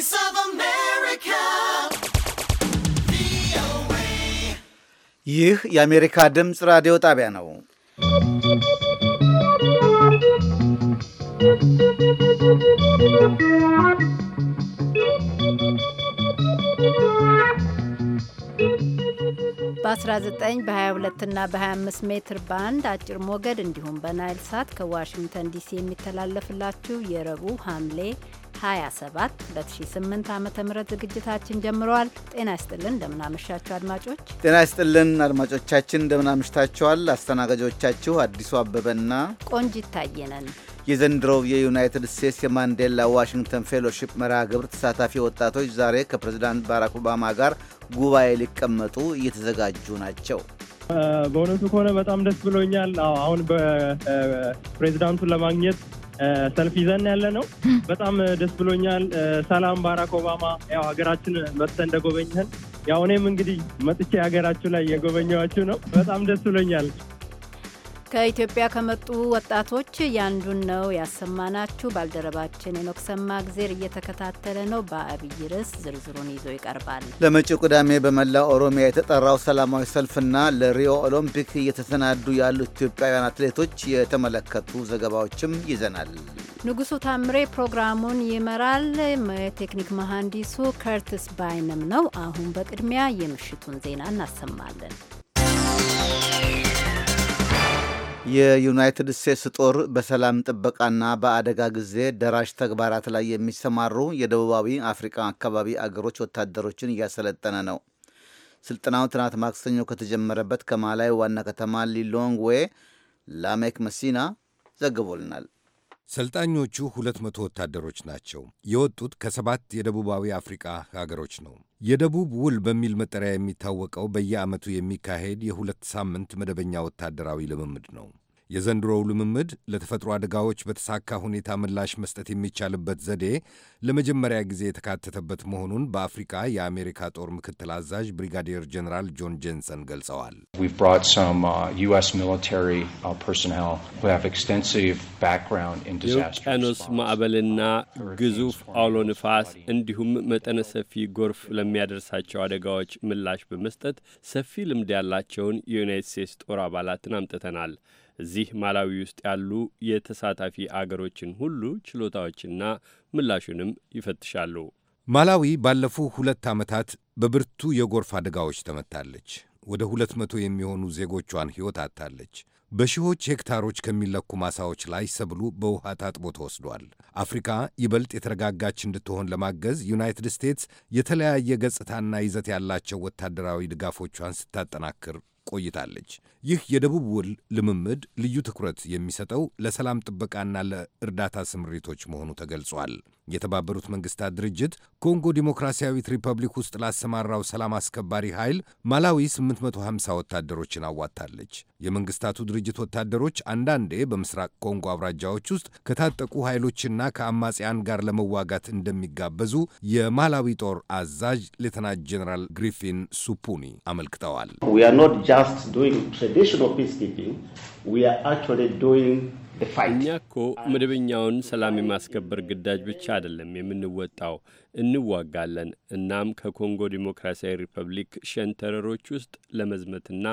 Voice of America. ይህ የአሜሪካ ድምፅ ራዲዮ ጣቢያ ነው። በ19 በ22 እና በ25 ሜትር ባንድ አጭር ሞገድ እንዲሁም በናይል ሳት ከዋሽንግተን ዲሲ የሚተላለፍላችሁ የረቡዕ ሐምሌ 27 2008 ዓ ም ዝግጅታችን ጀምረዋል። ጤና ይስጥልን፣ እንደምናመሻችሁ አድማጮች። ጤና ይስጥልን አድማጮቻችን፣ እንደምናምሽታችኋል። አስተናጋጆቻችሁ አዲሱ አበበና ቆንጂት ታየ የዘንድሮው የዩናይትድ ስቴትስ የማንዴላ ዋሽንግተን ፌሎሺፕ መርሃ ግብር ተሳታፊ ወጣቶች ዛሬ ከፕሬዚዳንት ባራክ ኦባማ ጋር ጉባኤ ሊቀመጡ እየተዘጋጁ ናቸው። በእውነቱ ከሆነ በጣም ደስ ብሎኛል። አሁን በፕሬዚዳንቱን ለማግኘት ሰልፍ ይዘን ያለ ነው። በጣም ደስ ብሎኛል። ሰላም ባራክ ኦባማ፣ ያው ሀገራችን መጥተህ እንደጎበኘህን ያው እኔም እንግዲህ መጥቼ ሀገራችሁ ላይ የጎበኘኋችሁ ነው። በጣም ደስ ብሎኛል። ከኢትዮጵያ ከመጡ ወጣቶች ያንዱን ነው ያሰማናችሁ። ባልደረባችን የኖክሰማ ጊዜር እየተከታተለ ነው። በአብይ ርዕስ ዝርዝሩን ይዞ ይቀርባል። ለመጪው ቅዳሜ በመላ ኦሮሚያ የተጠራው ሰላማዊ ሰልፍና ለሪዮ ኦሎምፒክ እየተሰናዱ ያሉ ኢትዮጵያውያን አትሌቶች የተመለከቱ ዘገባዎችም ይዘናል። ንጉሱ ታምሬ ፕሮግራሙን ይመራል። የቴክኒክ መሐንዲሱ ከርትስ ባይንም ነው። አሁን በቅድሚያ የምሽቱን ዜና እናሰማለን። የዩናይትድ ስቴትስ ጦር በሰላም ጥበቃና በአደጋ ጊዜ ደራሽ ተግባራት ላይ የሚሰማሩ የደቡባዊ አፍሪካ አካባቢ አገሮች ወታደሮችን እያሰለጠነ ነው። ስልጠናው ትናንት ማክሰኞ ከተጀመረበት ከማላዊ ዋና ከተማ ሊሎንግዌ ላሜክ መሲና ዘግቦልናል። ሰልጣኞቹ ሁለት መቶ ወታደሮች ናቸው። የወጡት ከሰባት የደቡባዊ አፍሪቃ ሀገሮች ነው። የደቡብ ውል በሚል መጠሪያ የሚታወቀው በየዓመቱ የሚካሄድ የሁለት ሳምንት መደበኛ ወታደራዊ ልምምድ ነው። የዘንድሮው ልምምድ ለተፈጥሮ አደጋዎች በተሳካ ሁኔታ ምላሽ መስጠት የሚቻልበት ዘዴ ለመጀመሪያ ጊዜ የተካተተበት መሆኑን በአፍሪካ የአሜሪካ ጦር ምክትል አዛዥ ብሪጋዴር ጀኔራል ጆን ጄንሰን ገልጸዋል። uh, uh, የውቅያኖስ ማዕበልና ግዙፍ አውሎ ንፋስ እንዲሁም መጠነ ሰፊ ጎርፍ ለሚያደርሳቸው አደጋዎች ምላሽ በመስጠት ሰፊ ልምድ ያላቸውን የዩናይት ስቴትስ ጦር አባላትን አምጥተናል። እዚህ ማላዊ ውስጥ ያሉ የተሳታፊ አገሮችን ሁሉ ችሎታዎችና ምላሹንም ይፈትሻሉ። ማላዊ ባለፉ ሁለት ዓመታት በብርቱ የጎርፍ አደጋዎች ተመታለች። ወደ ሁለት መቶ የሚሆኑ ዜጎቿን ሕይወት አጥታለች። በሺዎች ሄክታሮች ከሚለኩ ማሳዎች ላይ ሰብሉ በውሃ ታጥቦ ተወስዷል። አፍሪካ ይበልጥ የተረጋጋች እንድትሆን ለማገዝ ዩናይትድ ስቴትስ የተለያየ ገጽታና ይዘት ያላቸው ወታደራዊ ድጋፎቿን ስታጠናክር ቆይታለች። ይህ የደቡብ ውል ልምምድ ልዩ ትኩረት የሚሰጠው ለሰላም ጥበቃና ለእርዳታ ስምሪቶች መሆኑ ተገልጿል። የተባበሩት መንግስታት ድርጅት ኮንጎ ዲሞክራሲያዊት ሪፐብሊክ ውስጥ ላሰማራው ሰላም አስከባሪ ኃይል ማላዊ 850 ወታደሮችን አዋታለች። የመንግስታቱ ድርጅት ወታደሮች አንዳንዴ በምስራቅ ኮንጎ አውራጃዎች ውስጥ ከታጠቁ ኃይሎችና ከአማጽያን ጋር ለመዋጋት እንደሚጋበዙ የማላዊ ጦር አዛዥ ሌተናንት ጄኔራል ግሪፊን ሱፑኒ አመልክተዋል። እኛ እኮ መደበኛውን ሰላም የማስከበር ግዳጅ ብቻ አይደለም የምንወጣው፣ እንዋጋለን። እናም ከኮንጎ ዲሞክራሲያዊ ሪፐብሊክ ሸንተረሮች ውስጥ ለመዝመትና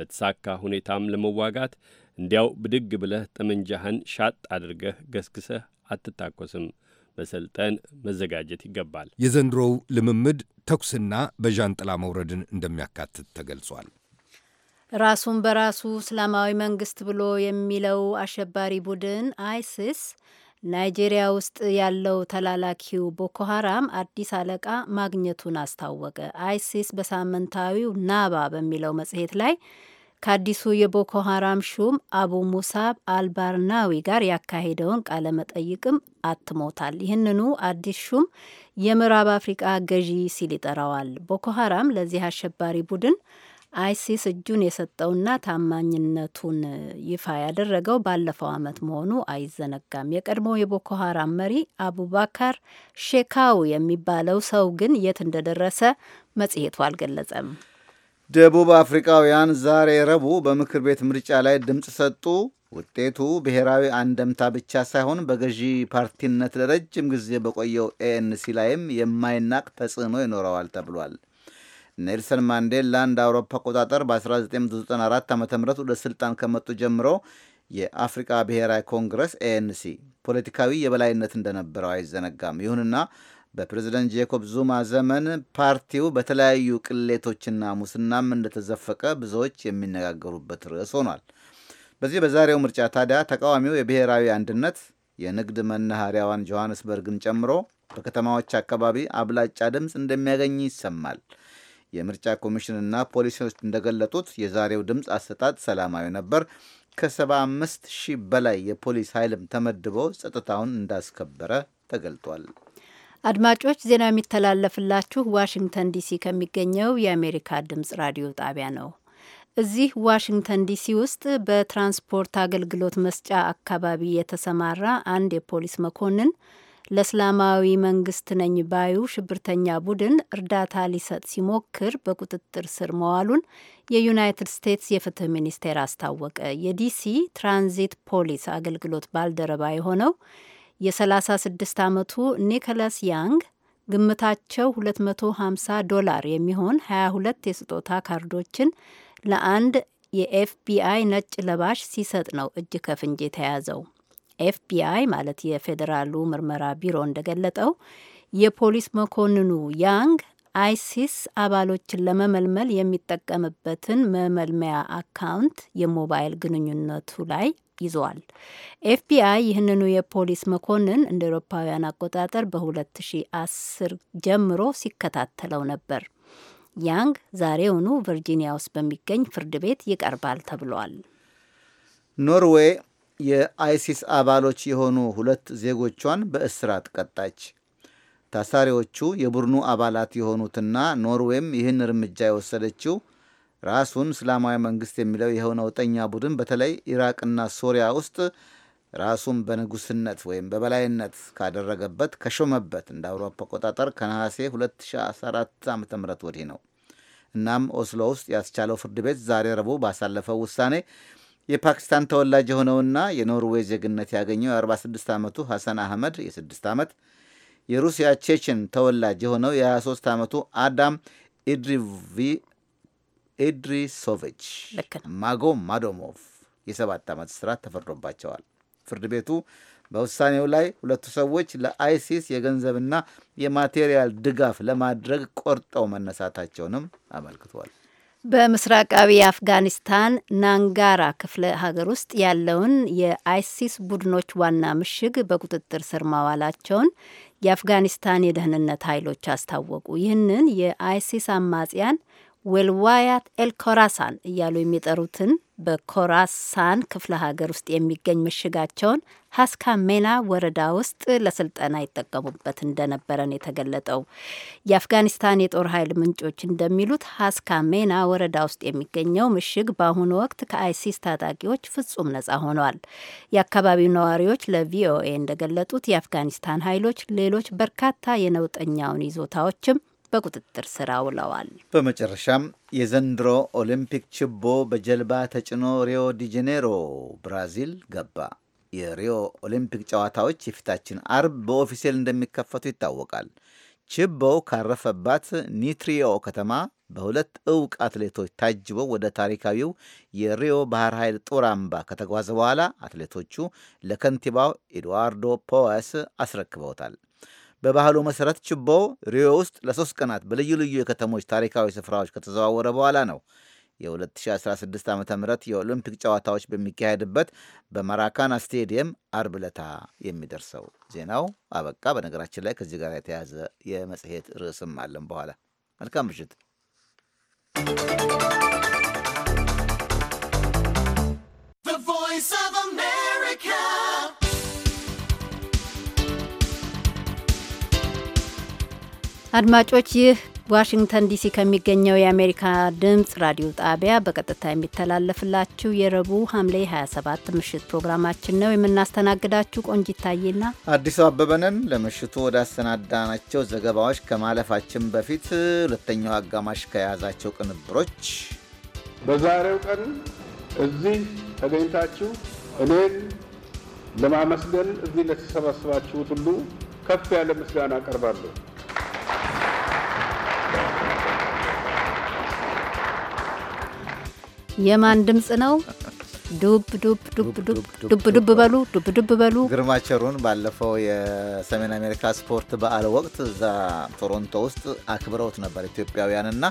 በተሳካ ሁኔታም ለመዋጋት እንዲያው ብድግ ብለህ ጠመንጃህን ሻጥ አድርገህ ገስግሰህ አትታኮስም። በሰልጠን መዘጋጀት ይገባል። የዘንድሮው ልምምድ ተኩስና በዣንጥላ መውረድን እንደሚያካትት ተገልጿል። ራሱን በራሱ እስላማዊ መንግስት ብሎ የሚለው አሸባሪ ቡድን አይሲስ ናይጄሪያ ውስጥ ያለው ተላላኪው ቦኮ ሀራም አዲስ አለቃ ማግኘቱን አስታወቀ። አይሲስ በሳምንታዊው ናባ በሚለው መጽሔት ላይ ከአዲሱ የቦኮ ሀራም ሹም አቡ ሙሳብ አልባርናዊ ጋር ያካሄደውን ቃለ መጠይቅም አትሞታል። ይህንኑ አዲስ ሹም የምዕራብ አፍሪቃ ገዢ ሲል ይጠራዋል። ቦኮ ሀራም ለዚህ አሸባሪ ቡድን አይሲስ እጁን የሰጠውና ታማኝነቱን ይፋ ያደረገው ባለፈው ዓመት መሆኑ አይዘነጋም። የቀድሞ የቦኮ ሀራም መሪ አቡባካር ሼካው የሚባለው ሰው ግን የት እንደደረሰ መጽሔቱ አልገለጸም። ደቡብ አፍሪካውያን ዛሬ ረቡዕ በምክር ቤት ምርጫ ላይ ድምፅ ሰጡ። ውጤቱ ብሔራዊ አንደምታ ብቻ ሳይሆን በገዢ ፓርቲነት ለረጅም ጊዜ በቆየው ኤኤንሲ ላይም የማይናቅ ተጽዕኖ ይኖረዋል ተብሏል። ኔልሰን ማንዴላ እንደ አውሮፓ አቆጣጠር በ1994 ዓ ም ወደ ስልጣን ከመጡ ጀምሮ የአፍሪካ ብሔራዊ ኮንግረስ ኤንሲ ፖለቲካዊ የበላይነት እንደነበረው አይዘነጋም። ይሁንና በፕሬዝደንት ጄኮብ ዙማ ዘመን ፓርቲው በተለያዩ ቅሌቶችና ሙስናም እንደተዘፈቀ ብዙዎች የሚነጋገሩበት ርዕስ ሆኗል። በዚህ በዛሬው ምርጫ ታዲያ ተቃዋሚው የብሔራዊ አንድነት የንግድ መናኸሪያዋን ጆሐንስበርግን ጨምሮ በከተማዎች አካባቢ አብላጫ ድምፅ እንደሚያገኝ ይሰማል። የምርጫ ኮሚሽንና ፖሊሶች እንደገለጡት የዛሬው ድምፅ አሰጣጥ ሰላማዊ ነበር። ከ75 ሺህ በላይ የፖሊስ ኃይልም ተመድቦ ጸጥታውን እንዳስከበረ ተገልጧል። አድማጮች ዜና የሚተላለፍላችሁ ዋሽንግተን ዲሲ ከሚገኘው የአሜሪካ ድምፅ ራዲዮ ጣቢያ ነው። እዚህ ዋሽንግተን ዲሲ ውስጥ በትራንስፖርት አገልግሎት መስጫ አካባቢ የተሰማራ አንድ የፖሊስ መኮንን ለእስላማዊ መንግስት ነኝ ባዩ ሽብርተኛ ቡድን እርዳታ ሊሰጥ ሲሞክር በቁጥጥር ስር መዋሉን የዩናይትድ ስቴትስ የፍትህ ሚኒስቴር አስታወቀ። የዲሲ ትራንዚት ፖሊስ አገልግሎት ባልደረባ የሆነው የ36 ዓመቱ ኒኮላስ ያንግ ግምታቸው 250 ዶላር የሚሆን 22 የስጦታ ካርዶችን ለአንድ የኤፍቢአይ ነጭ ለባሽ ሲሰጥ ነው እጅ ከፍንጅ የተያዘው። ኤፍቢአይ ማለት የፌዴራሉ ምርመራ ቢሮ እንደገለጠው የፖሊስ መኮንኑ ያንግ አይሲስ አባሎችን ለመመልመል የሚጠቀምበትን መመልመያ አካውንት የሞባይል ግንኙነቱ ላይ ይዟል። ኤፍቢአይ ይህንኑ የፖሊስ መኮንን እንደ ኤሮፓውያን አቆጣጠር በ2010 ጀምሮ ሲከታተለው ነበር። ያንግ ዛሬውኑ ቨርጂኒያ ውስጥ በሚገኝ ፍርድ ቤት ይቀርባል ተብሏል። ኖርዌይ የአይሲስ አባሎች የሆኑ ሁለት ዜጎቿን በእስራት ቀጣች። ታሳሪዎቹ የቡድኑ አባላት የሆኑትና ኖርዌይም ይህን እርምጃ የወሰደችው ራሱን እስላማዊ መንግስት የሚለው ይኸው ነውጠኛ ቡድን በተለይ ኢራቅና ሶሪያ ውስጥ ራሱን በንጉስነት ወይም በበላይነት ካደረገበት ከሾመበት እንደ አውሮፓ አቆጣጠር ከነሐሴ 2014 ዓ ም ወዲህ ነው። እናም ኦስሎ ውስጥ ያስቻለው ፍርድ ቤት ዛሬ ረቡዕ ባሳለፈው ውሳኔ የፓኪስታን ተወላጅ የሆነውና የኖርዌይ ዜግነት ያገኘው የ46 ዓመቱ ሐሰን አህመድ የ6 ዓመት፣ የሩሲያ ቼችን ተወላጅ የሆነው የ23 ዓመቱ አዳም ኢድሪሶቪች ማጎ ማዶሞቭ የሰባት ዓመት እስራት ተፈርዶባቸዋል። ፍርድ ቤቱ በውሳኔው ላይ ሁለቱ ሰዎች ለአይሲስ የገንዘብና የማቴሪያል ድጋፍ ለማድረግ ቆርጠው መነሳታቸውንም አመልክቷል። በምስራቃዊ አፍጋኒስታን ናንጋራ ክፍለ ሀገር ውስጥ ያለውን የአይሲስ ቡድኖች ዋና ምሽግ በቁጥጥር ስር ማዋላቸውን የአፍጋኒስታን የደህንነት ኃይሎች አስታወቁ። ይህንን የአይሲስ አማጽያን ወልዋያት ኤልኮራሳን እያሉ የሚጠሩትን በኮራሳን ክፍለ ሀገር ውስጥ የሚገኝ ምሽጋቸውን ሀስካሜና ወረዳ ውስጥ ለስልጠና ይጠቀሙበት እንደነበረ ነው የተገለጠው። የአፍጋኒስታን የጦር ኃይል ምንጮች እንደሚሉት ሀስካሜና ወረዳ ውስጥ የሚገኘው ምሽግ በአሁኑ ወቅት ከአይሲስ ታጣቂዎች ፍጹም ነጻ ሆኗል። የአካባቢው ነዋሪዎች ለቪኦኤ እንደገለጡት የአፍጋኒስታን ኃይሎች ሌሎች በርካታ የነውጠኛውን ይዞታዎችም በቁጥጥር ስር አውለዋል። በመጨረሻም የዘንድሮ ኦሊምፒክ ችቦ በጀልባ ተጭኖ ሪዮ ዲጄኔሮ ብራዚል ገባ። የሪዮ ኦሊምፒክ ጨዋታዎች የፊታችን አርብ በኦፊሴል እንደሚከፈቱ ይታወቃል። ችቦው ካረፈባት ኒትሪዮ ከተማ በሁለት እውቅ አትሌቶች ታጅቦ ወደ ታሪካዊው የሪዮ ባህር ኃይል ጦር አምባ ከተጓዘ በኋላ አትሌቶቹ ለከንቲባው ኤድዋርዶ ፖዋስ አስረክበውታል። በባህሉ መሰረት ችቦ ሪዮ ውስጥ ለሶስት ቀናት በልዩ ልዩ የከተሞች ታሪካዊ ስፍራዎች ከተዘዋወረ በኋላ ነው የ2016 ዓ ም የኦሎምፒክ ጨዋታዎች በሚካሄድበት በማራካና ስቴዲየም አርብ የሚደርሰው። ዜናው አበቃ። በነገራችን ላይ ከዚህ ጋር የተያዘ የመጽሔት ርዕስም አለን በኋላ። መልካም ምሽት። አድማጮች ይህ ዋሽንግተን ዲሲ ከሚገኘው የአሜሪካ ድምፅ ራዲዮ ጣቢያ በቀጥታ የሚተላለፍላችሁ የረቡዕ ሐምሌ 27 ምሽት ፕሮግራማችን ነው። የምናስተናግዳችሁ ቆንጂት ታዬና አዲሱ አበበንን። ለምሽቱ ወዳሰናዳናቸው ዘገባዎች ከማለፋችን በፊት ሁለተኛው አጋማሽ ከያዛቸው ቅንብሮች በዛሬው ቀን እዚህ ተገኝታችሁ እኔን ለማመስገን እዚህ ለተሰባሰባችሁት ሁሉ ከፍ ያለ ምስጋና አቀርባለሁ። የማን ድምጽ ነው? ዱብ ዱብ ዱብ ዱብ ዱብ ዱብ በሉ ዱብ ዱብ በሉ። ግርማቸሩን ባለፈው የሰሜን አሜሪካ ስፖርት በዓል ወቅት እዛ ቶሮንቶ ውስጥ አክብረውት ነበር ኢትዮጵያውያንና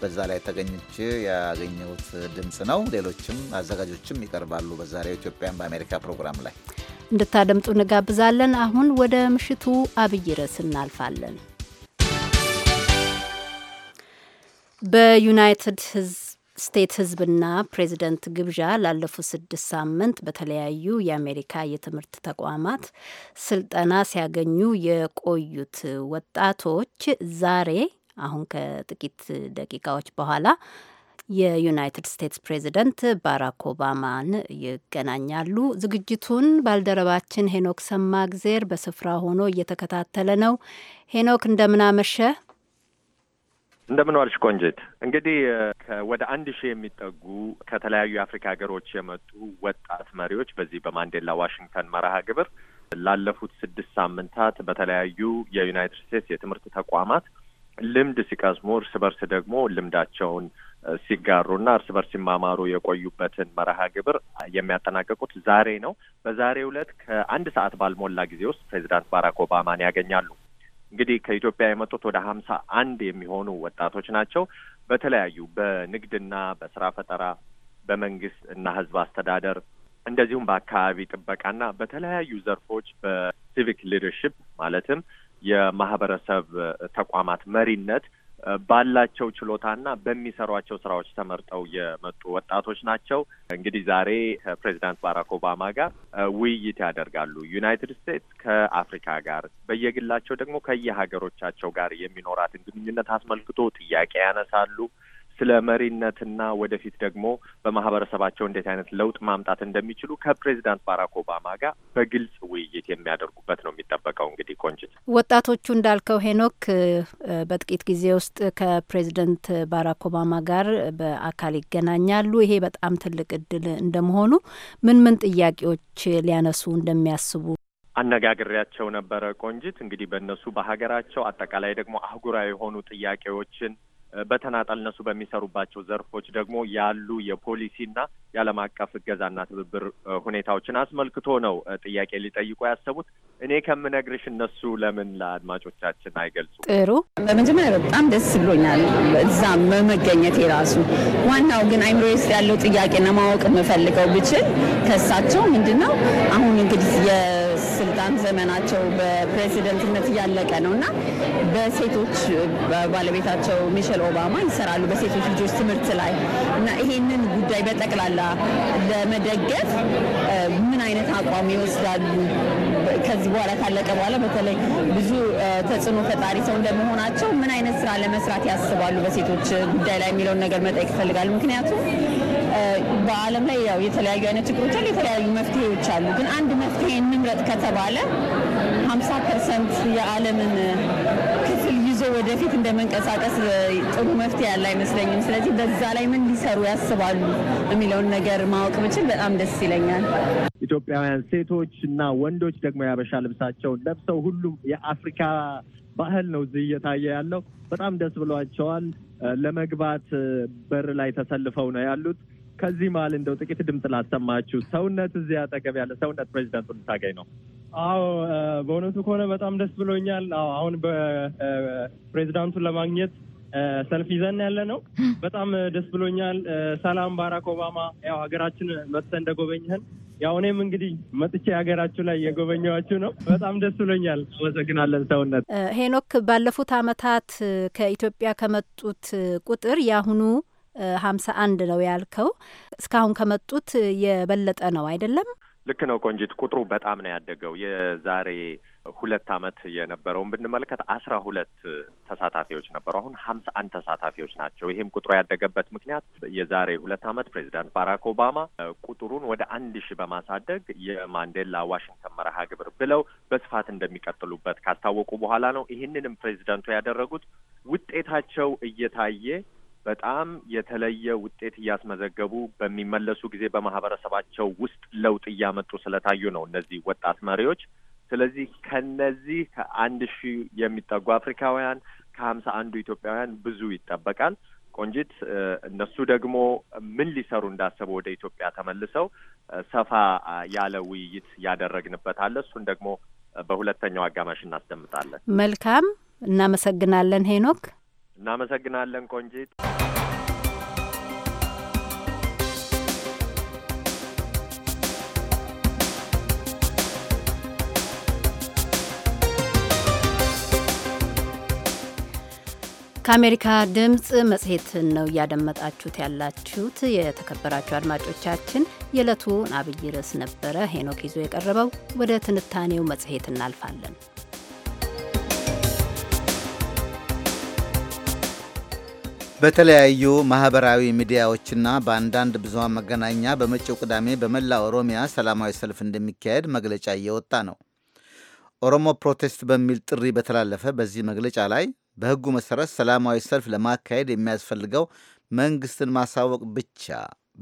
በዛ ላይ ተገኝች ያገኘሁት ድምፅ ነው። ሌሎችም አዘጋጆችም ይቀርባሉ በዛሬው ኢትዮጵያን በአሜሪካ ፕሮግራም ላይ እንድታደምጡ እንጋብዛለን። አሁን ወደ ምሽቱ አብይ ርዕስ እናልፋለን። በዩናይትድ ህዝብ ስቴት ህዝብና ፕሬዚደንት ግብዣ ላለፉት ስድስት ሳምንት በተለያዩ የአሜሪካ የትምህርት ተቋማት ስልጠና ሲያገኙ የቆዩት ወጣቶች ዛሬ አሁን ከጥቂት ደቂቃዎች በኋላ የዩናይትድ ስቴትስ ፕሬዚደንት ባራክ ኦባማን ይገናኛሉ። ዝግጅቱን ባልደረባችን ሄኖክ ሰማግዜር በስፍራ ሆኖ እየተከታተለ ነው። ሄኖክ እንደምናመሸ እንደምን ዋልሽ ቆንጅት። እንግዲህ ወደ አንድ ሺህ የሚጠጉ ከተለያዩ የአፍሪካ ሀገሮች የመጡ ወጣት መሪዎች በዚህ በማንዴላ ዋሽንግተን መርሃ ግብር ላለፉት ስድስት ሳምንታት በተለያዩ የዩናይትድ ስቴትስ የትምህርት ተቋማት ልምድ ሲቀስሙ እርስ በርስ ደግሞ ልምዳቸውን ሲጋሩና እርስ በርስ ሲማማሩ የቆዩበትን መርሃ ግብር የሚያጠናቀቁት ዛሬ ነው። በዛሬው ዕለት ከአንድ ሰዓት ባልሞላ ጊዜ ውስጥ ፕሬዚዳንት ባራክ ኦባማን ያገኛሉ። እንግዲህ ከኢትዮጵያ የመጡት ወደ ሀምሳ አንድ የሚሆኑ ወጣቶች ናቸው። በተለያዩ በንግድና በስራ ፈጠራ በመንግስት እና ህዝብ አስተዳደር እንደዚሁም በአካባቢ ጥበቃና በተለያዩ ዘርፎች በሲቪክ ሊደርሽፕ ማለትም የማህበረሰብ ተቋማት መሪነት ባላቸው ችሎታና በሚሰሯቸው ስራዎች ተመርጠው የመጡ ወጣቶች ናቸው። እንግዲህ ዛሬ ከፕሬዚዳንት ባራክ ኦባማ ጋር ውይይት ያደርጋሉ። ዩናይትድ ስቴትስ ከአፍሪካ ጋር በየግላቸው ደግሞ ከየሀገሮቻቸው ጋር የሚኖራትን ግንኙነት አስመልክቶ ጥያቄ ያነሳሉ። ስለ መሪነትና ወደፊት ደግሞ በማህበረሰባቸው እንዴት አይነት ለውጥ ማምጣት እንደሚችሉ ከፕሬዚዳንት ባራክ ኦባማ ጋር በግልጽ ውይይት የሚያደርጉበት ነው የሚጠበቀው። እንግዲህ ቆንጅት፣ ወጣቶቹ እንዳልከው ሄኖክ በጥቂት ጊዜ ውስጥ ከፕሬዚደንት ባራክ ኦባማ ጋር በአካል ይገናኛሉ። ይሄ በጣም ትልቅ እድል እንደመሆኑ ምን ምን ጥያቄዎች ሊያነሱ እንደሚያስቡ አነጋግሬያቸው ነበረ ቆንጅት እንግዲህ በእነሱ በሀገራቸው አጠቃላይ ደግሞ አህጉራዊ የሆኑ ጥያቄዎችን በተናጠል እነሱ በሚሰሩባቸው ዘርፎች ደግሞ ያሉ የፖሊሲና የዓለም አቀፍ እገዛና ትብብር ሁኔታዎችን አስመልክቶ ነው ጥያቄ ሊጠይቁ ያሰቡት። እኔ ከምነግርሽ እነሱ ለምን ለአድማጮቻችን አይገልጹ ጥሩ። በመጀመሪያ በጣም ደስ ብሎኛል እዛ በመገኘት የራሱ ዋናው ግን አይምሮ ውስጥ ያለው ጥያቄና ማወቅ የምፈልገው ብችል ከሳቸው ምንድን ነው አሁን እንግዲህ የስልጣን ዘመናቸው በፕሬዚደንትነት እያለቀ ነው እና በሴቶች ባለቤታቸው ሚሸል ኦባማ ይሰራሉ በሴቶች ልጆች ትምህርት ላይ እና ይሄንን ጉዳይ በጠቅላላ ለመደገፍ ምን አይነት አቋም ይወስዳሉ? ከዚህ በኋላ ካለቀ በኋላ በተለይ ብዙ ተጽዕኖ ፈጣሪ ሰው እንደመሆናቸው ምን አይነት ስራ ለመስራት ያስባሉ በሴቶች ጉዳይ ላይ የሚለውን ነገር መጠየቅ ይፈልጋሉ። ምክንያቱም በዓለም ላይ ያው የተለያዩ አይነት ችግሮች አሉ፣ የተለያዩ መፍትሄዎች አሉ። ግን አንድ መፍትሄ እንምረጥ ከተባለ 50 ፐርሰንት የዓለምን ወደፊት መንቀሳቀስ ጥሩ መፍትሄ ያለ አይመስለኝም። ስለዚህ በዛ ላይ ምን ሊሰሩ ያስባሉ የሚለውን ነገር ማወቅ ብችል በጣም ደስ ይለኛል። ኢትዮጵያውያን ሴቶች እና ወንዶች ደግሞ ያበሻ ልብሳቸውን ለብሰው ሁሉም የአፍሪካ ባህል ነው እዚህ እየታየ ያለው። በጣም ደስ ብሏቸዋል። ለመግባት በር ላይ ተሰልፈው ነው ያሉት። ከዚህ መሀል እንደው ጥቂት ድምፅ ላሰማችሁ። ሰውነት እዚህ አጠገብ ያለ ሰውነት ፕሬዚዳንቱን ልታገኝ ነው? አዎ በእውነቱ ከሆነ በጣም ደስ ብሎኛል። አሁን በፕሬዚዳንቱን ለማግኘት ሰልፍ ይዘን ያለ ነው። በጣም ደስ ብሎኛል። ሰላም ባራክ ኦባማ፣ ያው ሀገራችን መጥተህ እንደጎበኝህን ያው እኔም እንግዲህ መጥቼ ሀገራችሁ ላይ የጎበኘዋችሁ ነው። በጣም ደስ ብሎኛል። አመሰግናለን። ሰውነት ሄኖክ፣ ባለፉት አመታት ከኢትዮጵያ ከመጡት ቁጥር የአሁኑ ሀምሳ አንድ ነው ያልከው እስካሁን ከመጡት የበለጠ ነው አይደለም? ልክ ነው ቆንጂት፣ ቁጥሩ በጣም ነው ያደገው። የዛሬ ሁለት አመት የነበረውን ብንመለከት አስራ ሁለት ተሳታፊዎች ነበሩ። አሁን ሀምሳ አንድ ተሳታፊዎች ናቸው። ይህም ቁጥሩ ያደገበት ምክንያት የዛሬ ሁለት አመት ፕሬዚዳንት ባራክ ኦባማ ቁጥሩን ወደ አንድ ሺህ በማሳደግ የማንዴላ ዋሽንግተን መርሃ ግብር ብለው በስፋት እንደሚቀጥሉበት ካስታወቁ በኋላ ነው። ይህንንም ፕሬዚዳንቱ ያደረጉት ውጤታቸው እየታየ በጣም የተለየ ውጤት እያስመዘገቡ በሚመለሱ ጊዜ በማህበረሰባቸው ውስጥ ለውጥ እያመጡ ስለታዩ ነው እነዚህ ወጣት መሪዎች። ስለዚህ ከነዚህ ከአንድ ሺህ የሚጠጉ አፍሪካውያን ከሀምሳ አንዱ ኢትዮጵያውያን ብዙ ይጠበቃል። ቆንጂት፣ እነሱ ደግሞ ምን ሊሰሩ እንዳሰቡ ወደ ኢትዮጵያ ተመልሰው ሰፋ ያለ ውይይት ያደረግንበት አለ። እሱን ደግሞ በሁለተኛው አጋማሽ እናስደምጣለን። መልካም፣ እናመሰግናለን ሄኖክ። እናመሰግናለን ቆንጂት። ከአሜሪካ ድምፅ መጽሔት ነው እያደመጣችሁት ያላችሁት። የተከበራችሁ አድማጮቻችን፣ የዕለቱን አብይ ርዕስ ነበረ ሄኖክ ይዞ የቀረበው። ወደ ትንታኔው መጽሔት እናልፋለን። በተለያዩ ማህበራዊ ሚዲያዎችና በአንዳንድ ብዙሃን መገናኛ በመጪው ቅዳሜ በመላ ኦሮሚያ ሰላማዊ ሰልፍ እንደሚካሄድ መግለጫ እየወጣ ነው። ኦሮሞ ፕሮቴስት በሚል ጥሪ በተላለፈ በዚህ መግለጫ ላይ በሕጉ መሠረት ሰላማዊ ሰልፍ ለማካሄድ የሚያስፈልገው መንግስትን ማሳወቅ ብቻ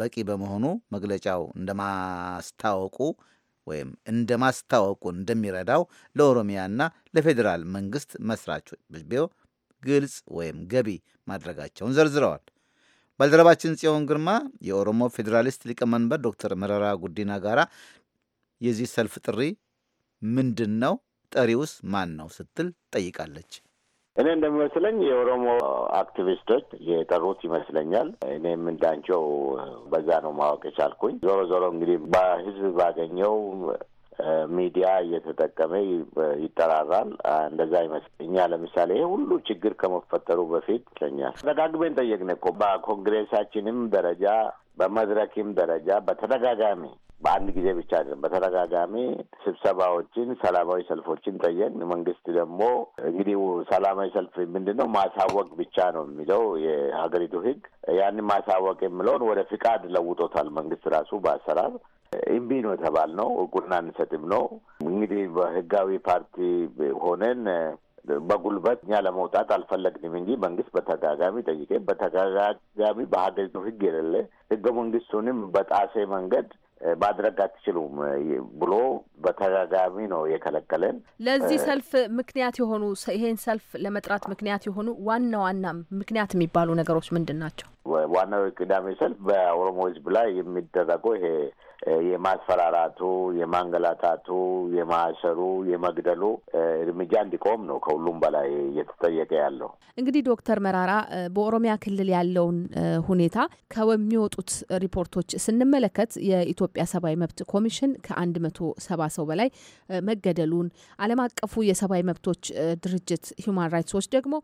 በቂ በመሆኑ መግለጫው እንደማስታወቁ ወይም እንደማስታወቁ እንደሚረዳው ለኦሮሚያና ለፌዴራል መንግስት መስራቾች ቢሮ ግልጽ ወይም ገቢ ማድረጋቸውን ዘርዝረዋል። ባልደረባችን ጽዮን ግርማ የኦሮሞ ፌዴራሊስት ሊቀመንበር ዶክተር መረራ ጉዲና ጋራ የዚህ ሰልፍ ጥሪ ምንድን ነው? ጠሪውስ ማን ነው? ስትል ጠይቃለች። እኔ እንደሚመስለኝ የኦሮሞ አክቲቪስቶች የጠሩት ይመስለኛል። እኔም እንዳንቸው በዛ ነው ማወቅ የቻልኩኝ። ዞሮ ዞሮ እንግዲህ በህዝብ ባገኘው ሚዲያ እየተጠቀመ ይጠራራል። እንደዛ ይመስል እኛ ለምሳሌ ይሄ ሁሉ ችግር ከመፈጠሩ በፊት ይለኛል ተደጋግመን ጠየቅን እኮ በኮንግሬሳችንም ደረጃ በመድረክም ደረጃ በተደጋጋሚ በአንድ ጊዜ ብቻ አይደለም። በተደጋጋሚ ስብሰባዎችን፣ ሰላማዊ ሰልፎችን ጠየቅ። መንግስት ደግሞ እንግዲህ ሰላማዊ ሰልፍ ምንድን ነው ማሳወቅ ብቻ ነው የሚለው የሀገሪቱ ሕግ። ያንን ማሳወቅ የሚለውን ወደ ፍቃድ ለውጦታል መንግስት ራሱ በአሰራር ኢምቢ ነው ነው እውቅና አንሰጥም ነው እንግዲህ በህጋዊ ፓርቲ ሆነን በጉልበት እኛ ለመውጣት አልፈለግንም እንጂ መንግስት በተጋጋሚ ጠይቄ በተጋጋሚ በሀገሪቱ ህግ የሌለ ህገ መንግስቱንም በጣሴ መንገድ ማድረግ አትችሉም ብሎ በተጋጋሚ ነው የከለከለን። ለዚህ ሰልፍ ምክንያት የሆኑ ይሄን ሰልፍ ለመጥራት ምክንያት የሆኑ ዋና ዋና ምክንያት የሚባሉ ነገሮች ምንድን ናቸው? ዋናው የቅዳሜ ሰልፍ በኦሮሞ ህዝብ ላይ የሚደረገው ይሄ የማስፈራራቱ፣ የማንገላታቱ፣ የማሰሩ፣ የመግደሉ እርምጃ እንዲቆም ነው ከሁሉም በላይ እየተጠየቀ ያለው። እንግዲህ ዶክተር መራራ በኦሮሚያ ክልል ያለውን ሁኔታ ከሚወጡት ሪፖርቶች ስንመለከት የኢትዮጵያ ሰብአዊ መብት ኮሚሽን ከአንድ መቶ ሰባ ሰው በላይ መገደሉን ዓለም አቀፉ የሰብአዊ መብቶች ድርጅት ሂውማን ራይትስ ዎች ደግሞ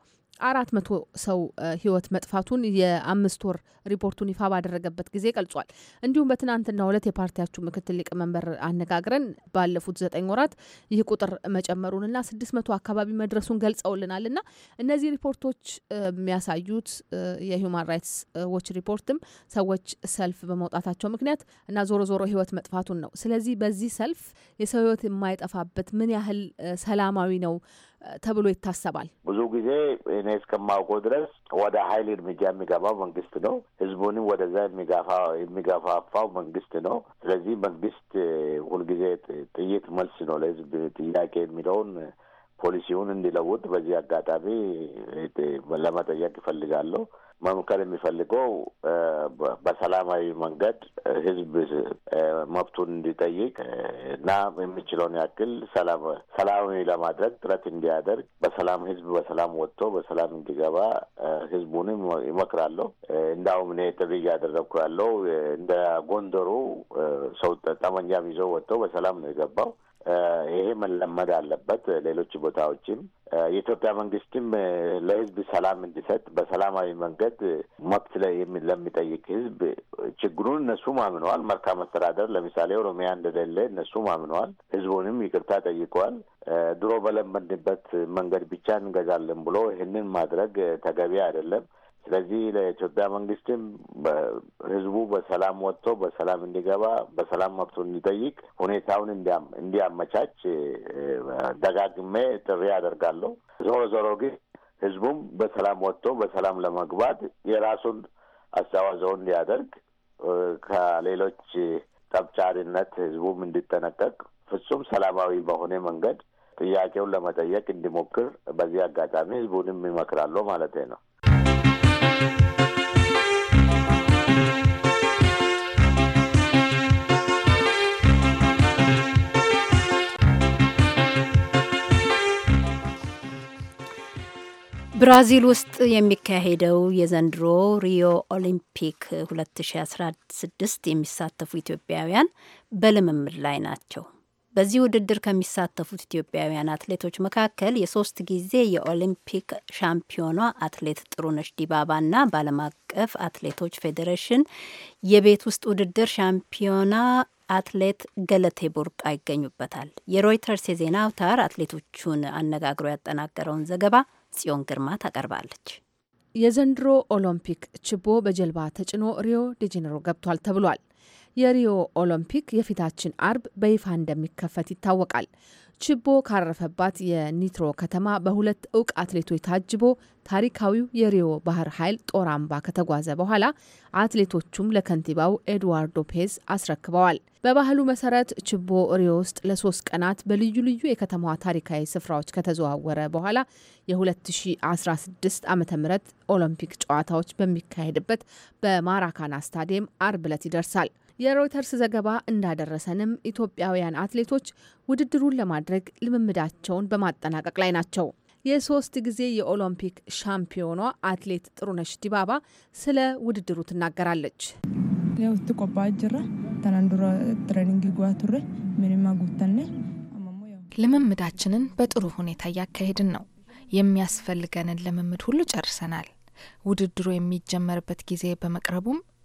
አራት መቶ ሰው ህይወት መጥፋቱን የአምስት ወር ሪፖርቱን ይፋ ባደረገበት ጊዜ ገልጿል። እንዲሁም በትናንትና ሁለት የፓርቲያችሁ ምክትል ሊቀመንበር አነጋግረን ባለፉት ዘጠኝ ወራት ይህ ቁጥር መጨመሩንና ስድስት መቶ አካባቢ መድረሱን ገልጸውልናል እና እነዚህ ሪፖርቶች የሚያሳዩት የሁማን ራይትስ ዎች ሪፖርትም ሰዎች ሰልፍ በመውጣታቸው ምክንያት እና ዞሮ ዞሮ ህይወት መጥፋቱን ነው። ስለዚህ በዚህ ሰልፍ የሰው ህይወት የማይጠፋበት ምን ያህል ሰላማዊ ነው ተብሎ ይታሰባል። ብዙ ጊዜ እኔ እስከማውቀው ድረስ ወደ ኃይል እርምጃ የሚገባው መንግስት ነው። ህዝቡንም ወደዛ የሚገፋፋው መንግስት ነው። ስለዚህ መንግስት ሁልጊዜ ጥይት መልስ ነው ለህዝብ ጥያቄ የሚለውን ፖሊሲውን እንዲለውጥ በዚህ አጋጣሚ ለመጠየቅ ይፈልጋለሁ። መምከር የሚፈልገው በሰላማዊ መንገድ ህዝብ መብቱን እንዲጠይቅ እና የሚችለውን ያክል ሰላማዊ ለማድረግ ጥረት እንዲያደርግ በሰላም ህዝብ በሰላም ወጥቶ በሰላም እንዲገባ ህዝቡን ይመክራለሁ። እንዳውም እኔ ጥሪ እያደረግኩ ያለው እንደ ጎንደሩ ሰው ጠመንጃም ይዘው ወጥቶ በሰላም ነው የገባው። ይሄ መለመድ አለበት። ሌሎች ቦታዎችም የኢትዮጵያ መንግስትም ለህዝብ ሰላም እንዲሰጥ በሰላማዊ መንገድ መብት ለሚጠይቅ ህዝብ ችግሩን እነሱም አምነዋል። መልካም አስተዳደር ለምሳሌ ኦሮሚያ እንደሌለ እነሱም አምነዋል። ህዝቡንም ይቅርታ ጠይቀዋል። ድሮ በለመድንበት መንገድ ብቻ እንገዛለን ብሎ ይህንን ማድረግ ተገቢ አይደለም። ስለዚህ ለኢትዮጵያ መንግስትም ህዝቡ በሰላም ወጥቶ በሰላም እንዲገባ በሰላም መብቱን እንዲጠይቅ ሁኔታውን እንዲያመቻች ደጋግሜ ጥሪ አደርጋለሁ። ዞሮ ዞሮ ግን ህዝቡም በሰላም ወጥቶ በሰላም ለመግባት የራሱን አስተዋጽኦ እንዲያደርግ ከሌሎች ጠብጫሪነት ህዝቡም እንዲጠነቀቅ ፍጹም ሰላማዊ በሆነ መንገድ ጥያቄውን ለመጠየቅ እንዲሞክር በዚህ አጋጣሚ ህዝቡንም ይመክራለሁ ማለት ነው። ብራዚል ውስጥ የሚካሄደው የዘንድሮ ሪዮ ኦሊምፒክ 2016 የሚሳተፉ ኢትዮጵያውያን በልምምድ ላይ ናቸው። በዚህ ውድድር ከሚሳተፉት ኢትዮጵያውያን አትሌቶች መካከል የሶስት ጊዜ የኦሊምፒክ ሻምፒዮኗ አትሌት ጥሩነሽ ዲባባና በዓለም አቀፍ አትሌቶች ፌዴሬሽን የቤት ውስጥ ውድድር ሻምፒዮና አትሌት ገለቴ ቡርቃ ይገኙበታል። የሮይተርስ የዜና አውታር አትሌቶቹን አነጋግሮ ያጠናቀረውን ዘገባ ጽዮን ግርማ ታቀርባለች። የዘንድሮ ኦሎምፒክ ችቦ በጀልባ ተጭኖ ሪዮ ዴጄኔሮ ገብቷል ተብሏል። የሪዮ ኦሎምፒክ የፊታችን አርብ በይፋ እንደሚከፈት ይታወቃል። ችቦ ካረፈባት የኒትሮ ከተማ በሁለት እውቅ አትሌቶች ታጅቦ ታሪካዊው የሪዮ ባህር ኃይል ጦር አምባ ከተጓዘ በኋላ አትሌቶቹም ለከንቲባው ኤድዋርዶ ፔዝ አስረክበዋል። በባህሉ መሰረት ችቦ ሪዮ ውስጥ ለሶስት ቀናት በልዩ ልዩ የከተማዋ ታሪካዊ ስፍራዎች ከተዘዋወረ በኋላ የ2016 ዓ ም ኦሎምፒክ ጨዋታዎች በሚካሄድበት በማራካና ስታዲየም አርብ ዕለት ይደርሳል። የሮይተርስ ዘገባ እንዳደረሰንም ኢትዮጵያውያን አትሌቶች ውድድሩን ለማድረግ ልምምዳቸውን በማጠናቀቅ ላይ ናቸው። የሶስት ጊዜ የኦሎምፒክ ሻምፒዮኗ አትሌት ጥሩነሽ ዲባባ ስለ ውድድሩ ትናገራለች። ውስጥ ቆባ ጅራ ተናንዱራ ትሬኒንግ ጓቱሬ ምንም ጉተነ ልምምዳችንን በጥሩ ሁኔታ እያካሄድን ነው። የሚያስፈልገንን ልምምድ ሁሉ ጨርሰናል። ውድድሩ የሚጀመርበት ጊዜ በመቅረቡም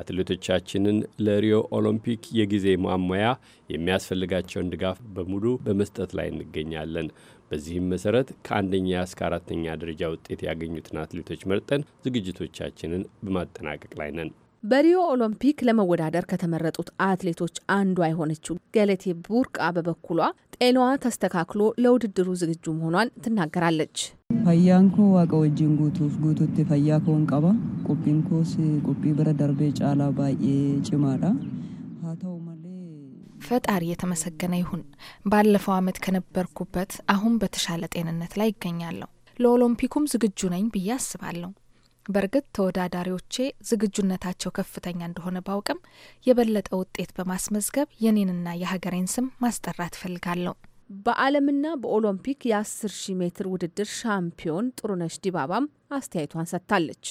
አትሌቶቻችንን ለሪዮ ኦሎምፒክ የጊዜ ማሟያ የሚያስፈልጋቸውን ድጋፍ በሙሉ በመስጠት ላይ እንገኛለን። በዚህም መሰረት ከአንደኛ እስከ አራተኛ ደረጃ ውጤት ያገኙትን አትሌቶች መርጠን ዝግጅቶቻችንን በማጠናቀቅ ላይ ነን። በሪዮ ኦሎምፒክ ለመወዳደር ከተመረጡት አትሌቶች አንዷ የሆነችው ገለቴ ቡርቃ በበኩሏ ጤናዋ ተስተካክሎ ለውድድሩ ዝግጁ መሆኗን ትናገራለች። ፈያንኮ ዋቀ ጉቱፍ ጉቱት ፈያ ቀባ ቆጲንኮስ ቆጲ ብረ ደርቤ ጫላ ባዬ ጭማዳ ፈጣሪ የተመሰገነ ይሁን። ባለፈው አመት ከነበርኩበት አሁን በተሻለ ጤንነት ላይ ይገኛለሁ። ለኦሎምፒኩም ዝግጁ ነኝ ብዬ አስባለሁ። በእርግጥ ተወዳዳሪዎቼ ዝግጁነታቸው ከፍተኛ እንደሆነ ባውቅም የበለጠ ውጤት በማስመዝገብ የኔንና የሀገሬን ስም ማስጠራት እፈልጋለሁ። በዓለምና በኦሎምፒክ የ10 ሺህ ሜትር ውድድር ሻምፒዮን ጥሩነሽ ዲባባም አስተያየቷን ሰጥታለች።